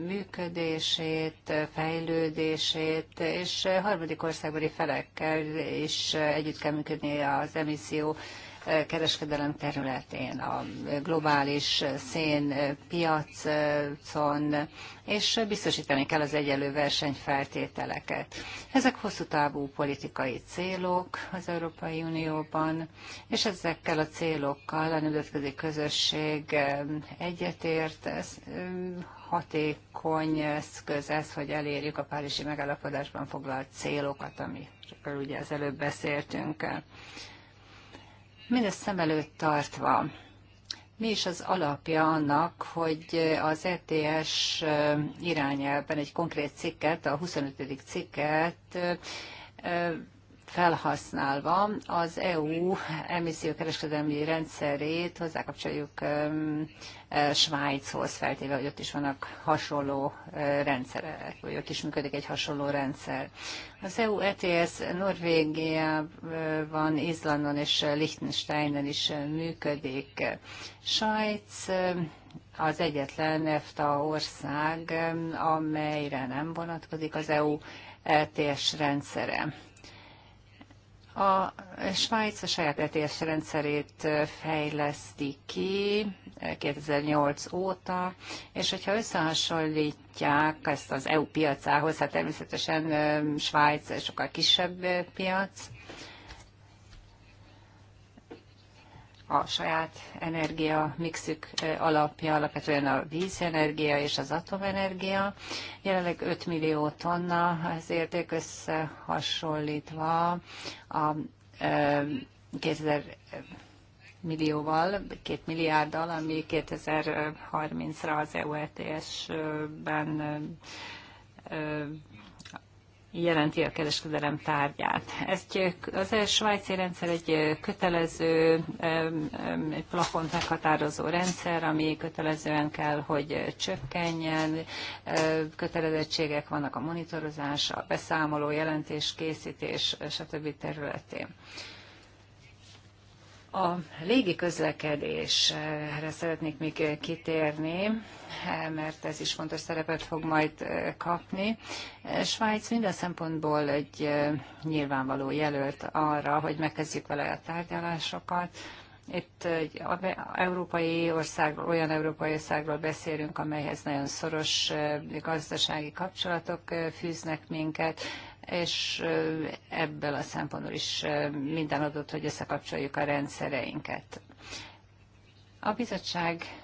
működését, fejlődését, és harmadik országbeli felekkel is együtt kell működni az emisszió kereskedelem területén, a globális szénpiacon, és biztosítani kell az egyenlő versenyfeltételeket. Ezek hosszú távú politikai célok az Európai Unióban, és ezekkel a célokkal a nemzetközi közösség egyetért, ez hatékony eszköz ez, hogy elérjük a Párizsi megállapodásban foglalt célokat, amikről ugye az előbb beszéltünk. Mindezt szem előtt tartva, mi is az alapja annak, hogy az ETS irányelben egy konkrét cikket, a 25. cikket felhasználva az EU emissziókereskedelmi rendszerét hozzákapcsoljuk e, Svájchoz, feltéve, hogy ott is vannak hasonló e, rendszerek, vagy ott is működik egy hasonló rendszer. Az EU ETS Norvégiában, Izlandon és Liechtensteinen is működik. Svájc e, az egyetlen EFTA ország, amelyre nem vonatkozik az EU ETS rendszere. A Svájc a saját ETS rendszerét fejleszti ki 2008 óta, és hogyha összehasonlítják ezt az EU piacához, hát természetesen Svájc sokkal kisebb piac, a saját energia mixük alapja alapvetően a vízenergia és az atomenergia. Jelenleg 5 millió tonna az érték összehasonlítva a 2000 millióval, két milliárddal, ami 2030-ra az EU ETS-ben jelenti a kereskedelem tárgyát. Egy, az egy svájci rendszer egy kötelező egy plafont meghatározó rendszer, ami kötelezően kell, hogy csökkenjen. Kötelezettségek vannak a monitorozás, a beszámoló, készítés, stb. területén. A légi közlekedésre szeretnék még kitérni, mert ez is fontos szerepet fog majd kapni. Svájc minden szempontból egy nyilvánvaló jelölt arra, hogy megkezdjük vele a tárgyalásokat. Itt egy európai ország, olyan európai országról beszélünk, amelyhez nagyon szoros gazdasági kapcsolatok fűznek minket, és ebből a szempontból is minden adott, hogy összekapcsoljuk a rendszereinket. A bizottság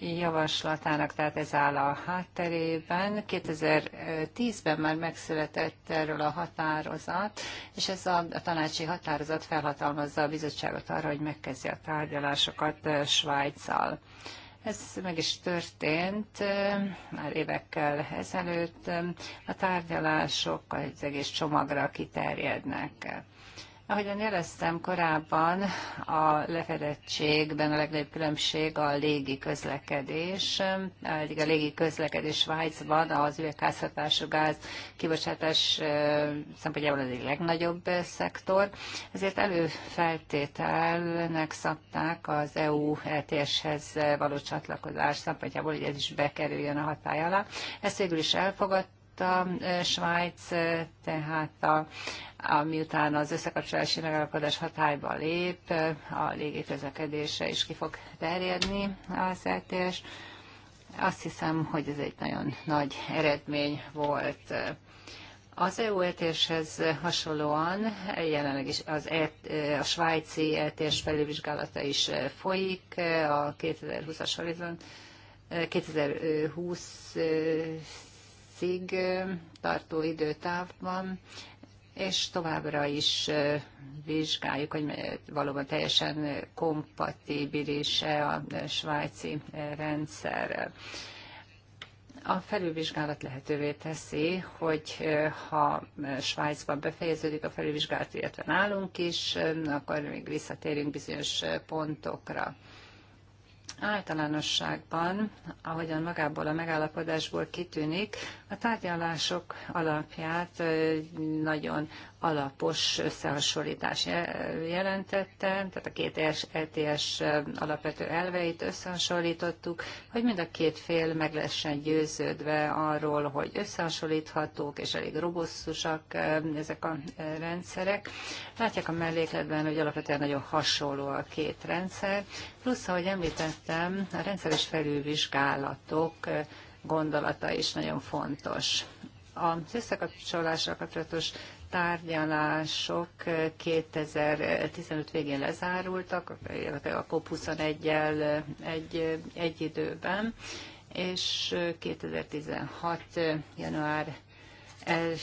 javaslatának, tehát ez áll a hátterében. 2010-ben már megszületett erről a határozat, és ez a tanácsi határozat felhatalmazza a bizottságot arra, hogy megkezdje a tárgyalásokat Svájccal. Ez meg is történt már évekkel ezelőtt. A tárgyalások az egész csomagra kiterjednek. Ahogyan jeleztem korábban, a lefedettségben a legnagyobb különbség a légi közlekedés. a légi közlekedés Svájcban az üvegházhatású gáz kibocsátás szempontjából az egyik legnagyobb szektor, ezért előfeltételnek szabták az EU ETS-hez való csatlakozás szempontjából, hogy ez is bekerüljön a hatály alá. Ezt végül is elfogadták, a Svájc, tehát a, a, miután az összekapcsolási megállapodás hatályba lép, a légiközlekedésre is ki fog terjedni az eltérés. Azt hiszem, hogy ez egy nagyon nagy eredmény volt. Az EU eltéshez hasonlóan jelenleg is az e, a svájci eltés felülvizsgálata is folyik, a 2020-as horizont 2020 percig tartó időtávban, és továbbra is vizsgáljuk, hogy valóban teljesen kompatibilis-e a svájci rendszerrel. A felülvizsgálat lehetővé teszi, hogy ha Svájcban befejeződik a felülvizsgálat, illetve nálunk is, akkor még visszatérünk bizonyos pontokra. Általánosságban, ahogyan magából a megállapodásból kitűnik, a tárgyalások alapját nagyon alapos összehasonlítás jelentette, tehát a két ETS e alapvető elveit összehasonlítottuk, hogy mind a két fél meg lesen győződve arról, hogy összehasonlíthatók és elég robosztusak ezek a rendszerek. Látják a mellékletben, hogy alapvetően nagyon hasonló a két rendszer, plusz, ahogy említettem, a rendszeres felülvizsgálatok gondolata is nagyon fontos az összekapcsolásra kapcsolatos tárgyalások 2015 végén lezárultak, a COP21-el egy, egy időben, és 2016. január 1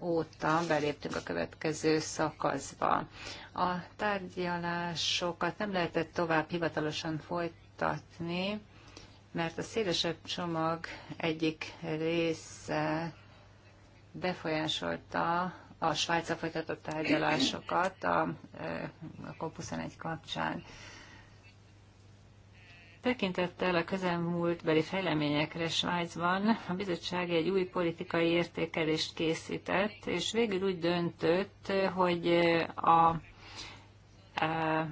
óta beléptünk a következő szakaszba. A tárgyalásokat nem lehetett tovább hivatalosan folytatni, mert a szélesebb csomag egyik része befolyásolta a Svájca folytatott tárgyalásokat a, a cop egy kapcsán. Tekintettel a beli fejleményekre Svájcban a bizottság egy új politikai értékelést készített, és végül úgy döntött, hogy a, a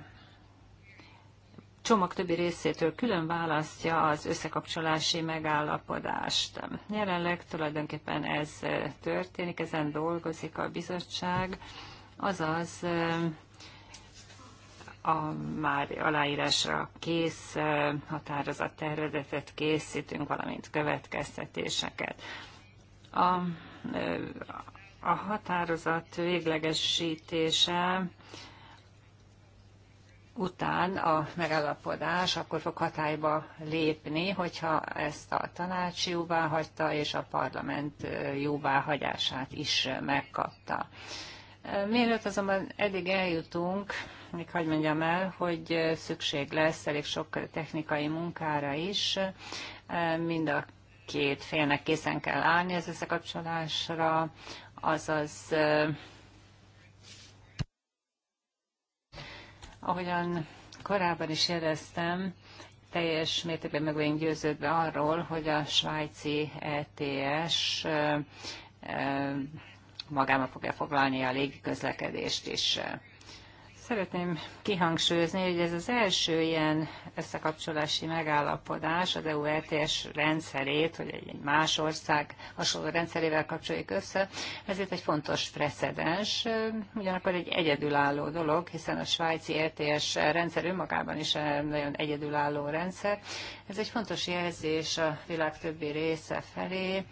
csomag többi részétől külön választja az összekapcsolási megállapodást. Jelenleg tulajdonképpen ez történik, ezen dolgozik a bizottság, azaz a már aláírásra kész határozat tervezetet készítünk, valamint következtetéseket. A, a határozat véglegesítése után a megállapodás akkor fog hatályba lépni, hogyha ezt a tanács jóvá hagyta, és a parlament hagyását is megkapta. Mielőtt azonban eddig eljutunk, még hagyd mondjam el, hogy szükség lesz elég sok technikai munkára is, mind a két félnek készen kell állni az összekapcsolásra, azaz Ahogyan korábban is jeleztem, teljes mértékben meg vagyunk győződve arról, hogy a svájci ETS magába fogja foglalni a légiközlekedést is. Szeretném kihangsúlyozni, hogy ez az első ilyen összekapcsolási megállapodás az EU ETS rendszerét, hogy egy más ország hasonló rendszerével kapcsoljuk össze, ezért egy fontos precedens, ugyanakkor egy egyedülálló dolog, hiszen a svájci ETS rendszer önmagában is nagyon egyedülálló rendszer. Ez egy fontos jelzés a világ többi része felé,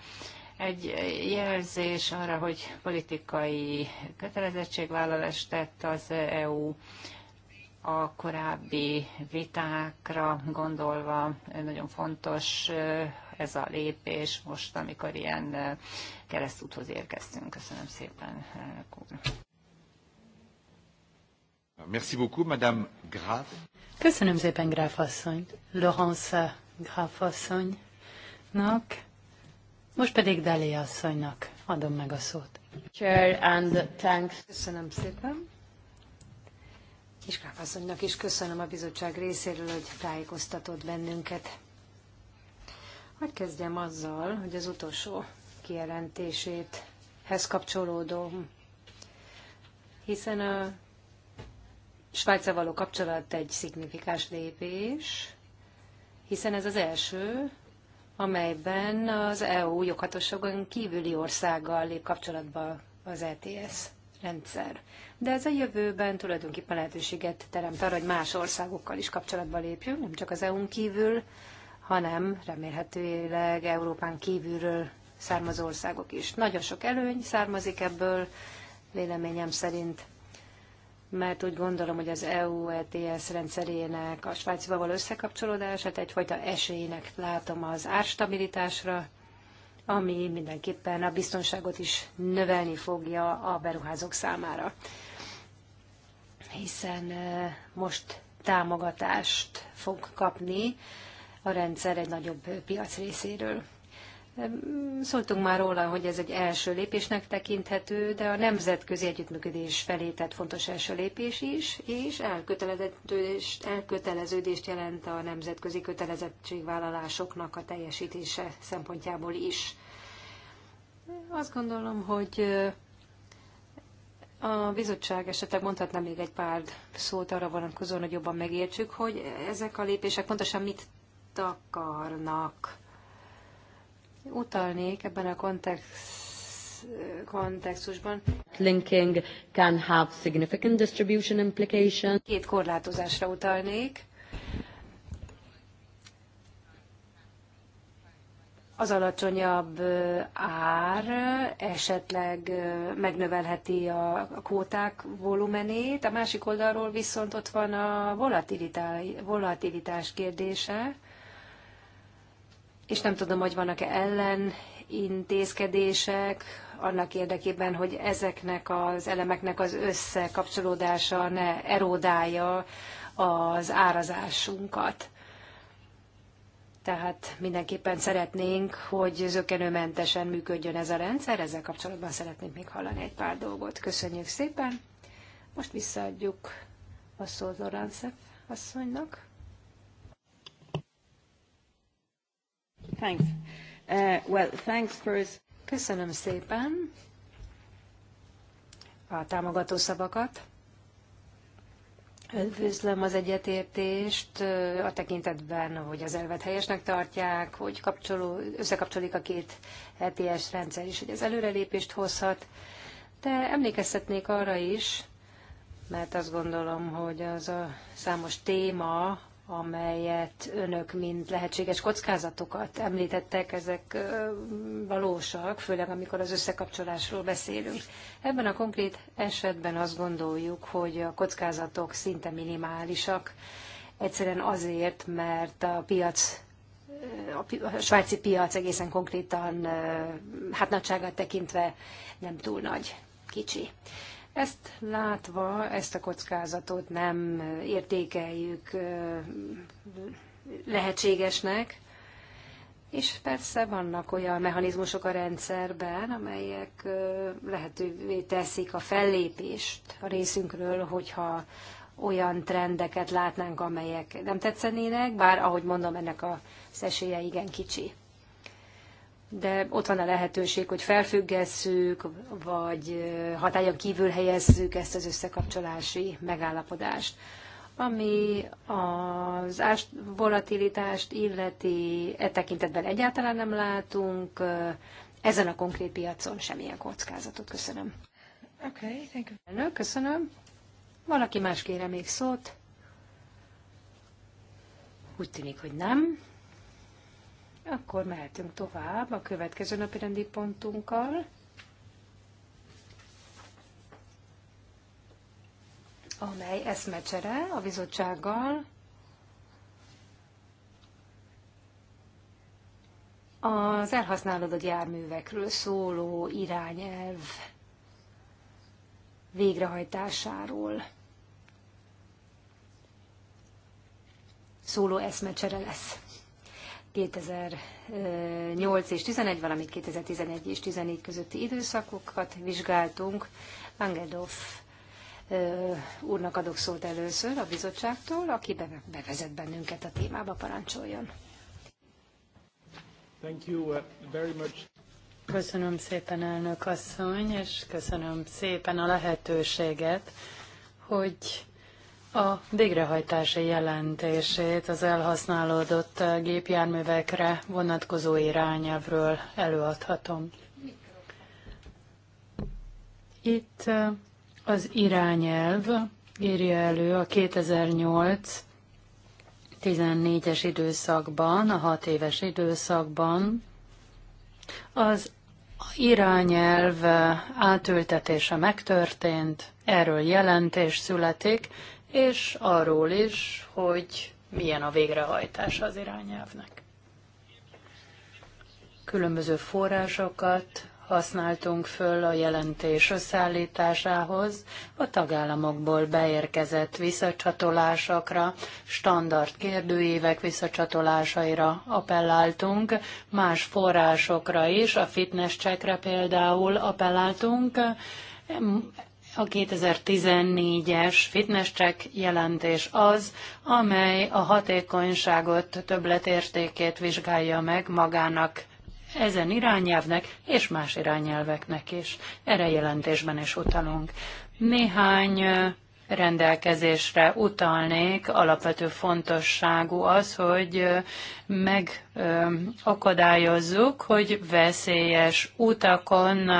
egy jelzés arra, hogy politikai kötelezettségvállalást tett az EU a korábbi vitákra gondolva nagyon fontos eh, ez a lépés most, amikor ilyen eh, keresztúthoz érkeztünk. Köszönöm szépen, elnök úr. Merci beaucoup, Madame Graf. Köszönöm szépen, Graf asszony. Laurence Graf asszonynak most pedig Deli asszonynak adom meg a szót. Chair and thanks. Köszönöm szépen. És asszonynak is köszönöm a bizottság részéről, hogy tájékoztatott bennünket. Hogy kezdjem azzal, hogy az utolsó kijelentését hez kapcsolódom, hiszen a Svájca való kapcsolat egy szignifikáns lépés, hiszen ez az első amelyben az EU joghatóságon kívüli országgal lép kapcsolatba az ETS rendszer. De ez a jövőben tulajdonképpen lehetőséget teremt arra, hogy más országokkal is kapcsolatba lépjünk, nem csak az EU-n kívül, hanem remélhetőleg Európán kívülről származó országok is. Nagyon sok előny származik ebből, véleményem szerint mert úgy gondolom, hogy az EU ETS rendszerének a Svájcival való összekapcsolódását egyfajta esélynek látom az árstabilitásra, ami mindenképpen a biztonságot is növelni fogja a beruházók számára. Hiszen most támogatást fog kapni a rendszer egy nagyobb piac részéről. Szóltunk már róla, hogy ez egy első lépésnek tekinthető, de a nemzetközi együttműködés felé tett fontos első lépés is, és elköteleződést, elköteleződést jelent a nemzetközi kötelezettségvállalásoknak a teljesítése szempontjából is. Azt gondolom, hogy a bizottság esetleg mondhatna még egy pár szót arra vonatkozóan, hogy jobban megértsük, hogy ezek a lépések pontosan mit takarnak utalnék ebben a kontextusban Linking can have significant distribution implication. Két korlátozásra utalnék. Az alacsonyabb ár esetleg megnövelheti a kvóták volumenét, a másik oldalról viszont ott van a volatilitás kérdése és nem tudom, hogy vannak-e ellen intézkedések annak érdekében, hogy ezeknek az elemeknek az összekapcsolódása ne erodálja az árazásunkat. Tehát mindenképpen szeretnénk, hogy zökenőmentesen működjön ez a rendszer, ezzel kapcsolatban szeretnénk még hallani egy pár dolgot. Köszönjük szépen! Most visszaadjuk a szót Loráncev asszonynak. Thanks. Uh, well, thanks first. Köszönöm szépen a támogató szavakat. Üdvözlöm az egyetértést uh, a tekintetben, hogy az elvet helyesnek tartják, hogy kapcsoló, összekapcsolik a két ETS rendszer is, hogy ez előrelépést hozhat. De emlékeztetnék arra is, mert azt gondolom, hogy az a számos téma, amelyet önök mind lehetséges kockázatokat említettek, ezek valósak, főleg amikor az összekapcsolásról beszélünk. Ebben a konkrét esetben azt gondoljuk, hogy a kockázatok szinte minimálisak, egyszerűen azért, mert a piac a svájci piac egészen konkrétan hát nagyságát tekintve nem túl nagy, kicsi. Ezt látva, ezt a kockázatot nem értékeljük lehetségesnek, és persze vannak olyan mechanizmusok a rendszerben, amelyek lehetővé teszik a fellépést a részünkről, hogyha olyan trendeket látnánk, amelyek nem tetszenének, bár ahogy mondom, ennek a esélye igen kicsi de ott van a lehetőség, hogy felfüggesszük, vagy hatályon kívül helyezzük ezt az összekapcsolási megállapodást. Ami az ást volatilitást illeti, e tekintetben egyáltalán nem látunk, ezen a konkrét piacon semmilyen kockázatot. Köszönöm. Oké, okay, thank you. Elnök, köszönöm. Valaki más kére még szót? Úgy tűnik, hogy nem. Akkor mehetünk tovább a következő napi rendi pontunkkal. amely eszmecsere a bizottsággal az elhasználódott járművekről szóló irányelv végrehajtásáról szóló eszmecsere lesz. 2008 és 11, valamint 2011 és 14 közötti időszakokat vizsgáltunk. Langedoff úrnak adok szót először a bizottságtól, aki bevezet bennünket a témába, parancsoljon. Thank you uh, very much. Köszönöm szépen, elnök asszony, és köszönöm szépen a lehetőséget, hogy a végrehajtási jelentését az elhasználódott gépjárművekre vonatkozó irányelvről előadhatom. Itt az irányelv írja elő a 2008 14-es időszakban, a 6 éves időszakban az irányelv átültetése megtörtént, erről jelentés születik, és arról is, hogy milyen a végrehajtása az irányelvnek. Különböző forrásokat használtunk föl a jelentés összeállításához, a tagállamokból beérkezett visszacsatolásokra, standard kérdőívek visszacsatolásaira appelláltunk, más forrásokra is, a fitness csekre például appelláltunk, a 2014-es fitness check jelentés az, amely a hatékonyságot többletértékét vizsgálja meg magának ezen irányelvnek és más irányelveknek is. Erre jelentésben is utalunk. Néhány rendelkezésre utalnék. Alapvető fontosságú az, hogy megakadályozzuk, hogy veszélyes utakon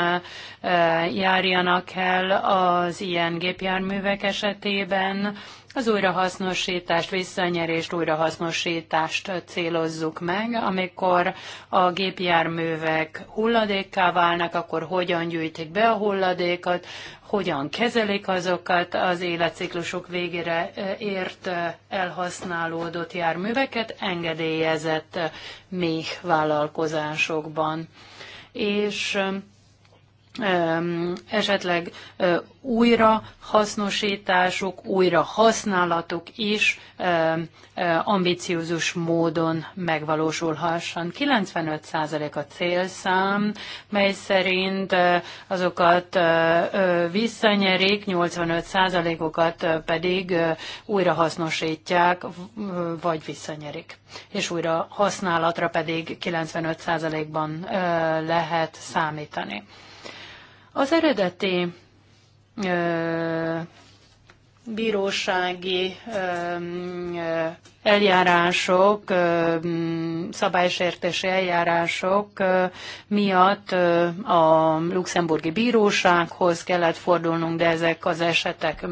járjanak el az ilyen gépjárművek esetében, az újrahasznosítást, visszanyerést, újrahasznosítást célozzuk meg. Amikor a gépjárművek hulladékká válnak, akkor hogyan gyűjtik be a hulladékat, hogyan kezelik azokat az életciklusok végére ért elhasználódott járműveket engedélyezett méh vállalkozásokban. És esetleg újra hasznosítások, újra használatok is ambiciózus módon megvalósulhasson. 95% a célszám, mely szerint azokat visszanyerik, 85%-okat pedig újra hasznosítják, vagy visszanyerik. És újra használatra pedig 95%-ban lehet számítani. Az eredeti ö, bírósági ö, eljárások, szabálysértési eljárások miatt a luxemburgi bírósághoz kellett fordulnunk, de ezek az esetek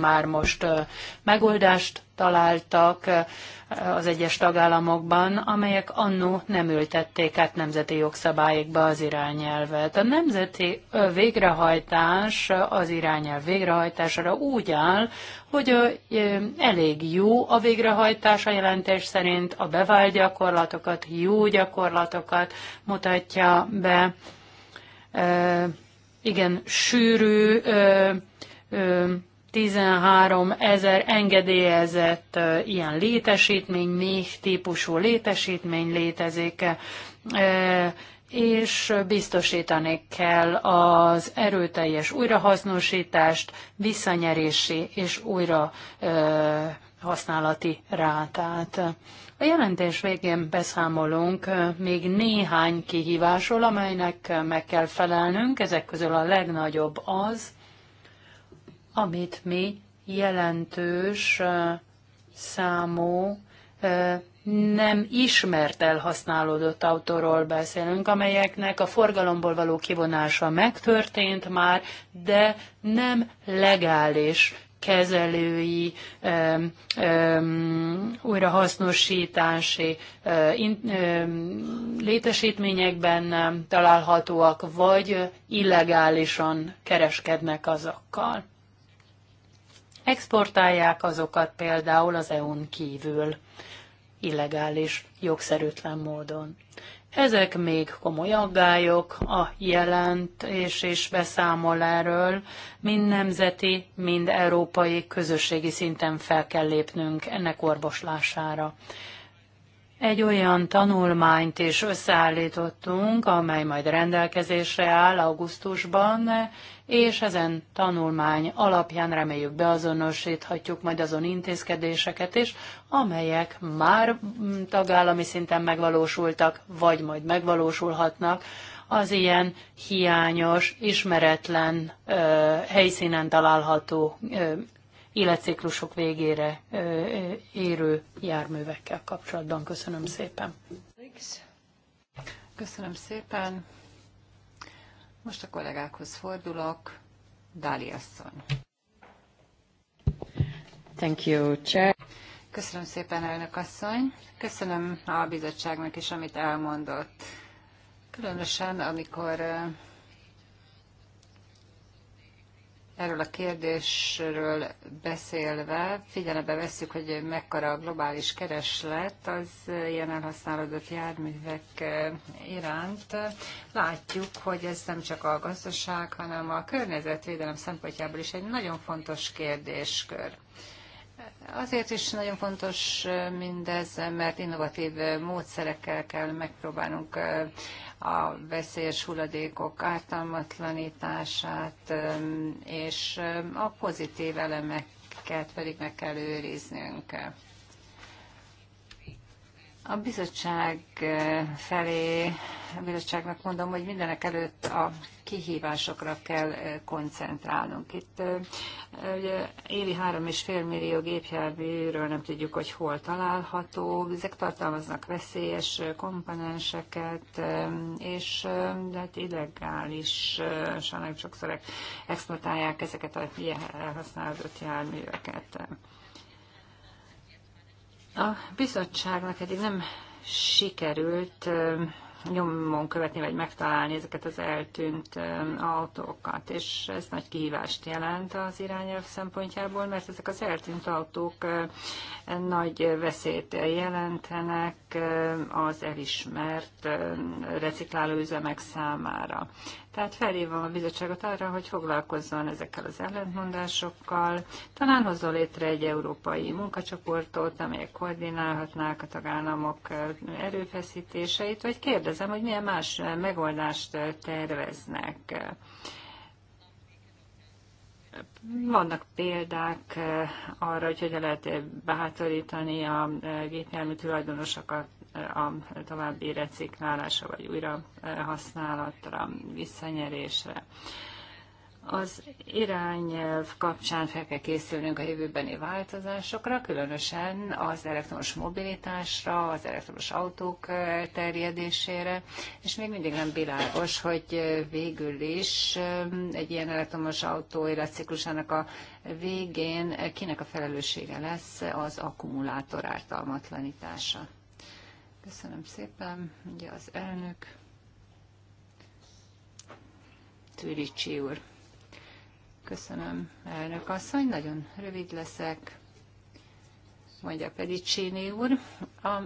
már most megoldást találtak az egyes tagállamokban, amelyek annó nem ültették át nemzeti jogszabályokba az irányelvet. A nemzeti végrehajtás az irányelv végrehajtására úgy áll, hogy elég jó a végrehajtása jelentés szerint, a bevált gyakorlatokat, jó gyakorlatokat mutatja be, igen, sűrű, 13 ezer engedélyezett ilyen létesítmény, még típusú létesítmény létezik és biztosítani kell az erőteljes újrahasznosítást, visszanyerési és újra ö, használati rátát. A jelentés végén beszámolunk még néhány kihívásról, amelynek meg kell felelnünk. Ezek közül a legnagyobb az, amit mi jelentős számú nem ismert elhasználódott autóról beszélünk, amelyeknek a forgalomból való kivonása megtörtént már, de nem legális kezelői, öm, öm, újrahasznosítási e, in, öm, létesítményekben találhatóak, vagy illegálisan kereskednek azokkal. Exportálják azokat például az EU-n kívül illegális, jogszerűtlen módon. Ezek még komoly aggályok a jelentés és beszámol erről, mind nemzeti, mind európai közösségi szinten fel kell lépnünk ennek orvoslására egy olyan tanulmányt is összeállítottunk, amely majd rendelkezésre áll augusztusban, és ezen tanulmány alapján reméljük beazonosíthatjuk majd azon intézkedéseket is, amelyek már tagállami szinten megvalósultak, vagy majd megvalósulhatnak az ilyen hiányos, ismeretlen, helyszínen található életciklusok végére érő járművekkel kapcsolatban. Köszönöm szépen. Köszönöm szépen. Most a kollégákhoz fordulok. Dáli asszony. Thank you, Chair. Köszönöm szépen, elnök asszony. Köszönöm a bizottságnak is, amit elmondott. Különösen, amikor erről a kérdésről beszélve figyelembe vesszük, hogy mekkora a globális kereslet az ilyen elhasználódott járművek eh, iránt. Látjuk, hogy ez nem csak a gazdaság, hanem a környezetvédelem szempontjából is egy nagyon fontos kérdéskör. Azért is nagyon fontos eh, mindez, mert innovatív eh, módszerekkel kell megpróbálnunk a veszélyes hulladékok ártalmatlanítását, és a pozitív elemeket pedig meg kell őriznünk. A bizottság eh, felé, a bizottságnak mondom, hogy mindenek előtt a kihívásokra kell eh, koncentrálnunk. Itt eh, ugye évi 3,5 millió gépjárműről nem tudjuk, hogy hol található. Ezek tartalmaznak veszélyes komponenseket, és de hát illegális, sajnálom sokszor exportálják ezeket a használatot járműveket. A bizottságnak eddig nem sikerült nyomon követni, vagy megtalálni ezeket az eltűnt autókat, és ez nagy kihívást jelent az irányelv szempontjából, mert ezek az eltűnt autók nagy veszélyt jelentenek az elismert reciklálóüzemek számára. Tehát felhívom a bizottságot arra, hogy foglalkozzon ezekkel az ellentmondásokkal, talán hozzon létre egy európai munkacsoportot, amelyek koordinálhatnák a tagállamok erőfeszítéseit, vagy kérdezem, hogy milyen más megoldást terveznek. Vannak példák arra, hogy hogyan lehet bátorítani a gépjármű tulajdonosokat a további reciklálása vagy újra használatra, visszanyerésre. Az irányelv kapcsán fel kell készülnünk a jövőbeni változásokra, különösen az elektromos mobilitásra, az elektromos autók terjedésére, és még mindig nem világos, hogy végül is egy ilyen elektromos autó életciklusának a végén kinek a felelőssége lesz az akkumulátor ártalmatlanítása. Köszönöm szépen. Ugye az elnök Tűricsi úr. Köszönöm, elnök asszony. Nagyon rövid leszek, mondja pedig Csini úr. A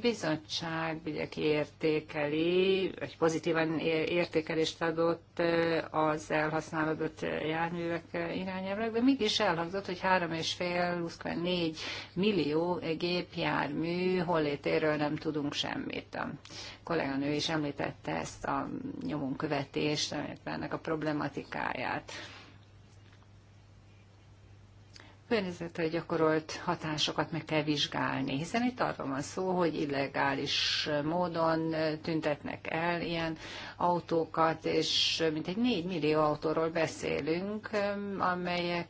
bizottság ugye értékeli, egy pozitívan értékelést adott az elhasználódott járművek irányelvnek, de mégis elhangzott, hogy 3,5-4 millió gépjármű hollétéről nem tudunk semmit. A kolléganő is említette ezt a nyomunkövetést, ennek a problematikáját környezetre gyakorolt hatásokat meg kell vizsgálni, hiszen itt arról van szó, hogy illegális módon tüntetnek el ilyen autókat, és mintegy 4 millió autóról beszélünk, amelyek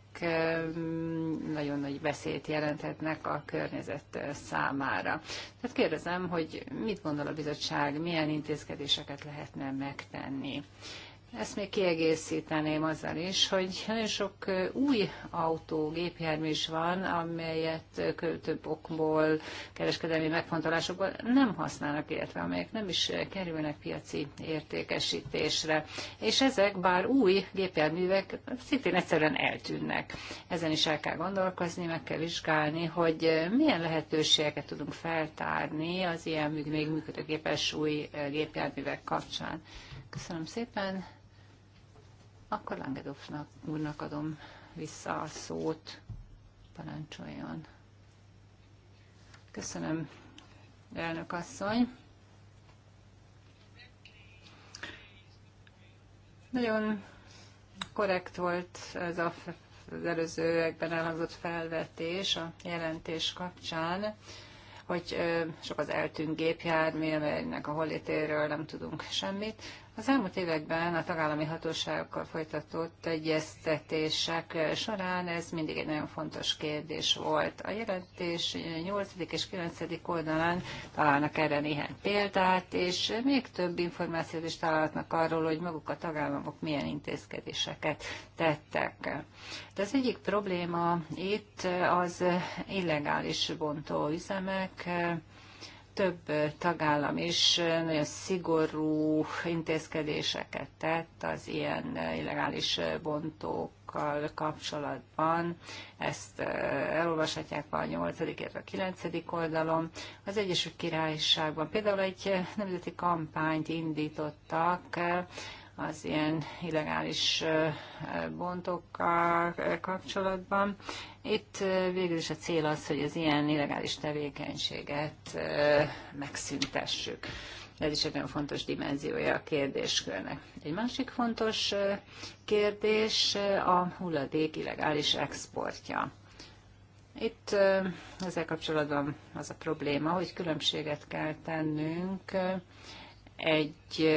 nagyon nagy veszélyt jelenthetnek a környezet számára. Tehát kérdezem, hogy mit gondol a bizottság, milyen intézkedéseket lehetne megtenni. Ezt még kiegészíteném azzal is, hogy nagyon sok új autó, gépjármű is van, amelyet több okból, kereskedelmi megfontolásokból nem használnak, illetve amelyek nem is kerülnek piaci értékesítésre. És ezek, bár új gépjárművek, szintén egyszerűen eltűnnek. Ezen is el kell gondolkozni, meg kell vizsgálni, hogy milyen lehetőségeket tudunk feltárni az ilyen még működőképes új gépjárművek kapcsán. Köszönöm szépen! Akkor Langedófnak úrnak adom vissza a szót. Parancsoljon. Köszönöm, elnök asszony. Nagyon korrekt volt ez az előzőekben elhangzott felvetés a jelentés kapcsán, hogy sok az eltűnt gépjármű, amelynek a hollétéről nem tudunk semmit. Az elmúlt években a tagállami hatóságokkal folytatott egyeztetések során ez mindig egy nagyon fontos kérdés volt. A jelentés 8. és 9. oldalán találnak erre néhány példát, és még több információt is találhatnak arról, hogy maguk a tagállamok milyen intézkedéseket tettek. De az egyik probléma itt az illegális bontó üzemek, több tagállam is nagyon szigorú intézkedéseket tett az ilyen illegális bontókkal kapcsolatban. Ezt elolvashatják a 8. a 9. oldalon. Az Egyesült Királyságban például egy nemzeti kampányt indítottak, az ilyen illegális bontokkal kapcsolatban, itt végül is a cél az, hogy az ilyen illegális tevékenységet megszüntessük. Ez is egy nagyon fontos dimenziója a kérdéskörnek. Egy másik fontos kérdés a hulladék illegális exportja. Itt ezzel kapcsolatban az a probléma, hogy különbséget kell tennünk egy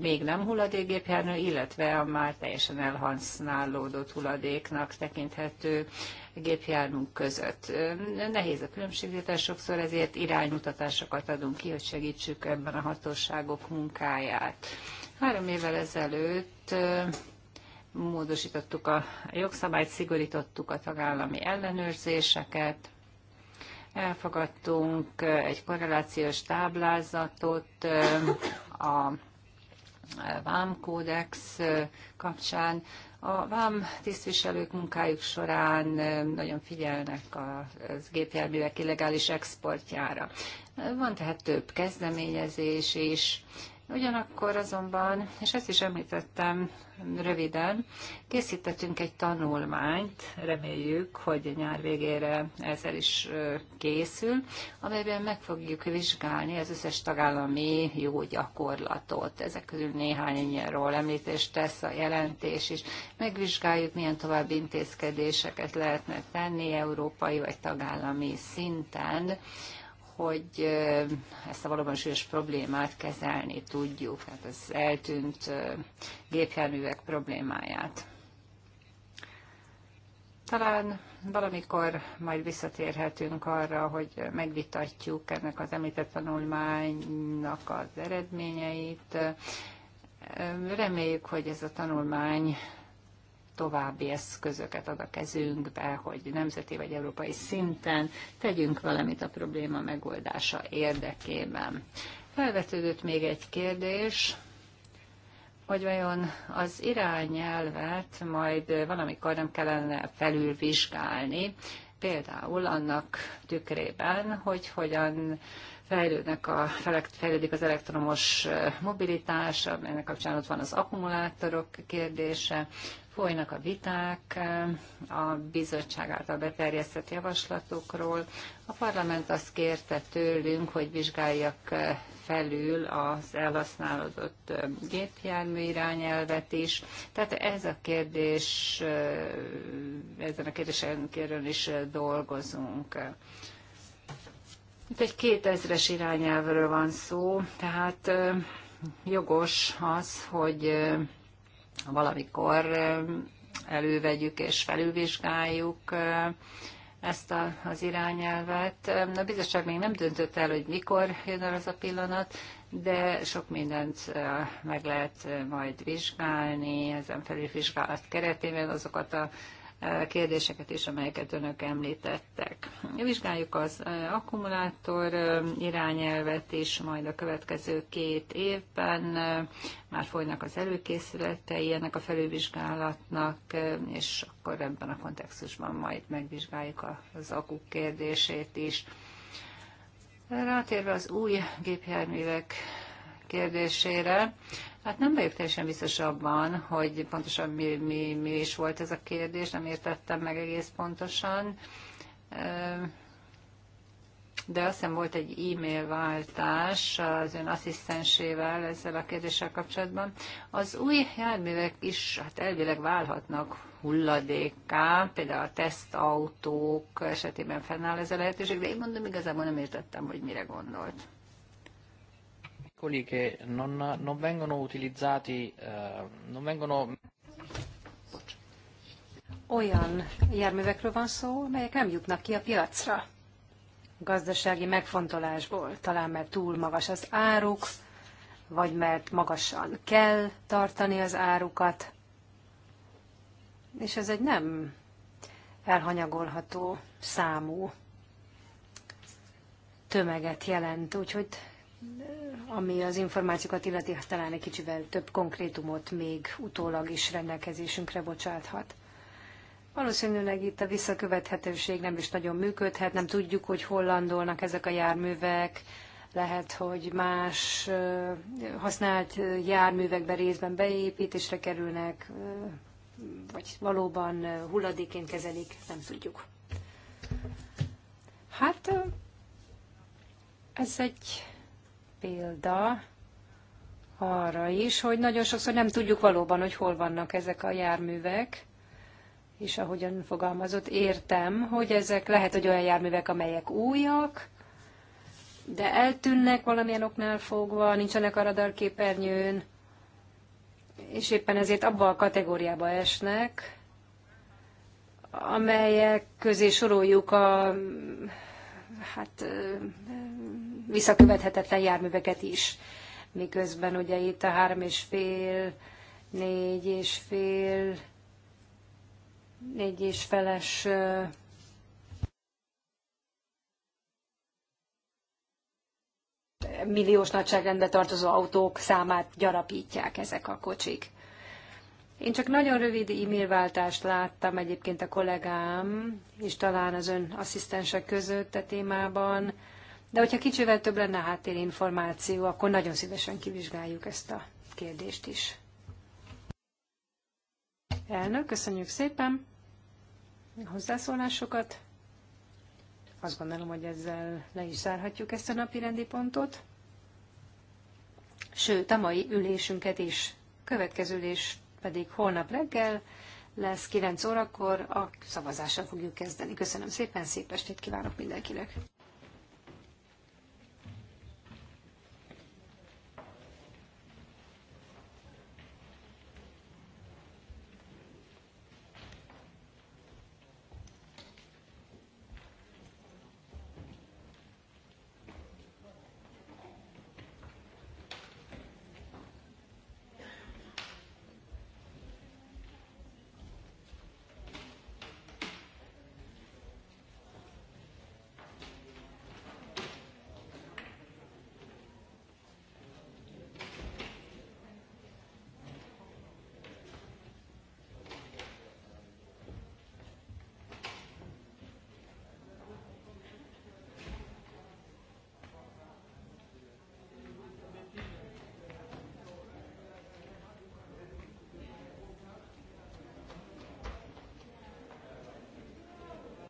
még nem hulladékgépjármű, illetve a már teljesen elhasználódott hulladéknak tekinthető gépjármunk között. Nehéz a különbségtétel sokszor, ezért iránymutatásokat adunk ki, hogy segítsük ebben a hatóságok munkáját. Három évvel ezelőtt módosítottuk a jogszabályt, szigorítottuk a tagállami ellenőrzéseket, elfogadtunk egy korrelációs táblázatot a vámkódex kapcsán. A vám tisztviselők munkájuk során nagyon figyelnek a gépjárművek illegális exportjára. Van tehát több kezdeményezés is, Ugyanakkor azonban, és ezt is említettem röviden, készítettünk egy tanulmányt, reméljük, hogy nyár végére ezzel is készül, amelyben meg fogjuk vizsgálni az összes tagállami jó gyakorlatot. Ezek közül néhány ilyenről említést tesz a jelentés is. Megvizsgáljuk, milyen további intézkedéseket lehetne tenni európai vagy tagállami szinten, hogy ezt a valóban súlyos problémát kezelni tudjuk, tehát az eltűnt gépjárművek problémáját. Talán valamikor majd visszatérhetünk arra, hogy megvitatjuk ennek az említett tanulmánynak az eredményeit. Reméljük, hogy ez a tanulmány további eszközöket ad a kezünkbe, hogy nemzeti vagy európai szinten tegyünk valamit a probléma megoldása érdekében. Felvetődött még egy kérdés, hogy vajon az irányelvet majd valamikor nem kellene felülvizsgálni, például annak tükrében, hogy hogyan fejlődnek a, fejlődik az elektromos mobilitás, ennek kapcsán ott van az akkumulátorok kérdése, Folynak a viták a bizottság által beterjesztett javaslatokról. A parlament azt kérte tőlünk, hogy vizsgáljak felül az elhasználódott gépjármű irányelvet is. Tehát ez a kérdés, ezen a kérdésen kérdőn is dolgozunk. Itt egy 2000-es irányelvről van szó, tehát jogos az, hogy valamikor um, elővegyük és felülvizsgáljuk uh, ezt a, az irányelvet. Um, a bizottság még nem döntött el, hogy mikor jön el az a pillanat, de sok mindent uh, meg lehet uh, majd vizsgálni, ezen felülvizsgálat keretében azokat a kérdéseket is, amelyeket önök említettek. Vizsgáljuk az akkumulátor irányelvet is, majd a következő két évben már folynak az előkészületei ennek a felülvizsgálatnak, és akkor ebben a kontextusban majd megvizsgáljuk az akuk kérdését is. Rátérve az új gépjárművek kérdésére. Hát nem vagyok teljesen biztos abban, hogy pontosan mi, mi, mi is volt ez a kérdés, nem értettem meg egész pontosan. De azt hiszem volt egy e-mail váltás az ön asszisztensével ezzel a kérdéssel kapcsolatban. Az új járművek is hát elvileg válhatnak hulladékká, például a tesztautók esetében fennáll ez a lehetőség, de én mondom, igazából nem értettem, hogy mire gondolt articoli che non, non vengono utilizzati, eh, non vengono... Olyan járművekről van szó, melyek nem jutnak ki a piacra. Gazdasági megfontolásból, talán mert túl magas az áruk, vagy mert magasan kell tartani az árukat. És ez egy nem elhanyagolható számú tömeget jelent, úgyhogy ami az információkat illeti, hát talán egy kicsivel több konkrétumot még utólag is rendelkezésünkre bocsáthat. Valószínűleg itt a visszakövethetőség nem is nagyon működhet, nem tudjuk, hogy hol landolnak ezek a járművek, lehet, hogy más használt járművekbe részben beépítésre kerülnek, vagy valóban hulladéként kezelik, nem tudjuk. Hát ez egy példa arra is, hogy nagyon sokszor nem tudjuk valóban, hogy hol vannak ezek a járművek, és ahogyan fogalmazott, értem, hogy ezek lehet, hogy olyan járművek, amelyek újak, de eltűnnek valamilyen oknál fogva, nincsenek a radarképernyőn, és éppen ezért abba a kategóriába esnek, amelyek közé soroljuk a hát visszakövethetetlen járműveket is. Miközben ugye itt a három és fél, négy és fél, négy és feles milliós nagyságrendbe tartozó autók számát gyarapítják ezek a kocsik. Én csak nagyon rövid e mailváltást láttam egyébként a kollégám, és talán az ön asszisztensek között a témában. De hogyha kicsivel több lenne háttérinformáció, akkor nagyon szívesen kivizsgáljuk ezt a kérdést is. Elnök, köszönjük szépen a hozzászólásokat. Azt gondolom, hogy ezzel le is zárhatjuk ezt a napi rendi pontot. Sőt, a mai ülésünket is. Következő ülés pedig holnap reggel lesz 9 órakor, a szavazással fogjuk kezdeni. Köszönöm szépen, szép estét kívánok mindenkinek!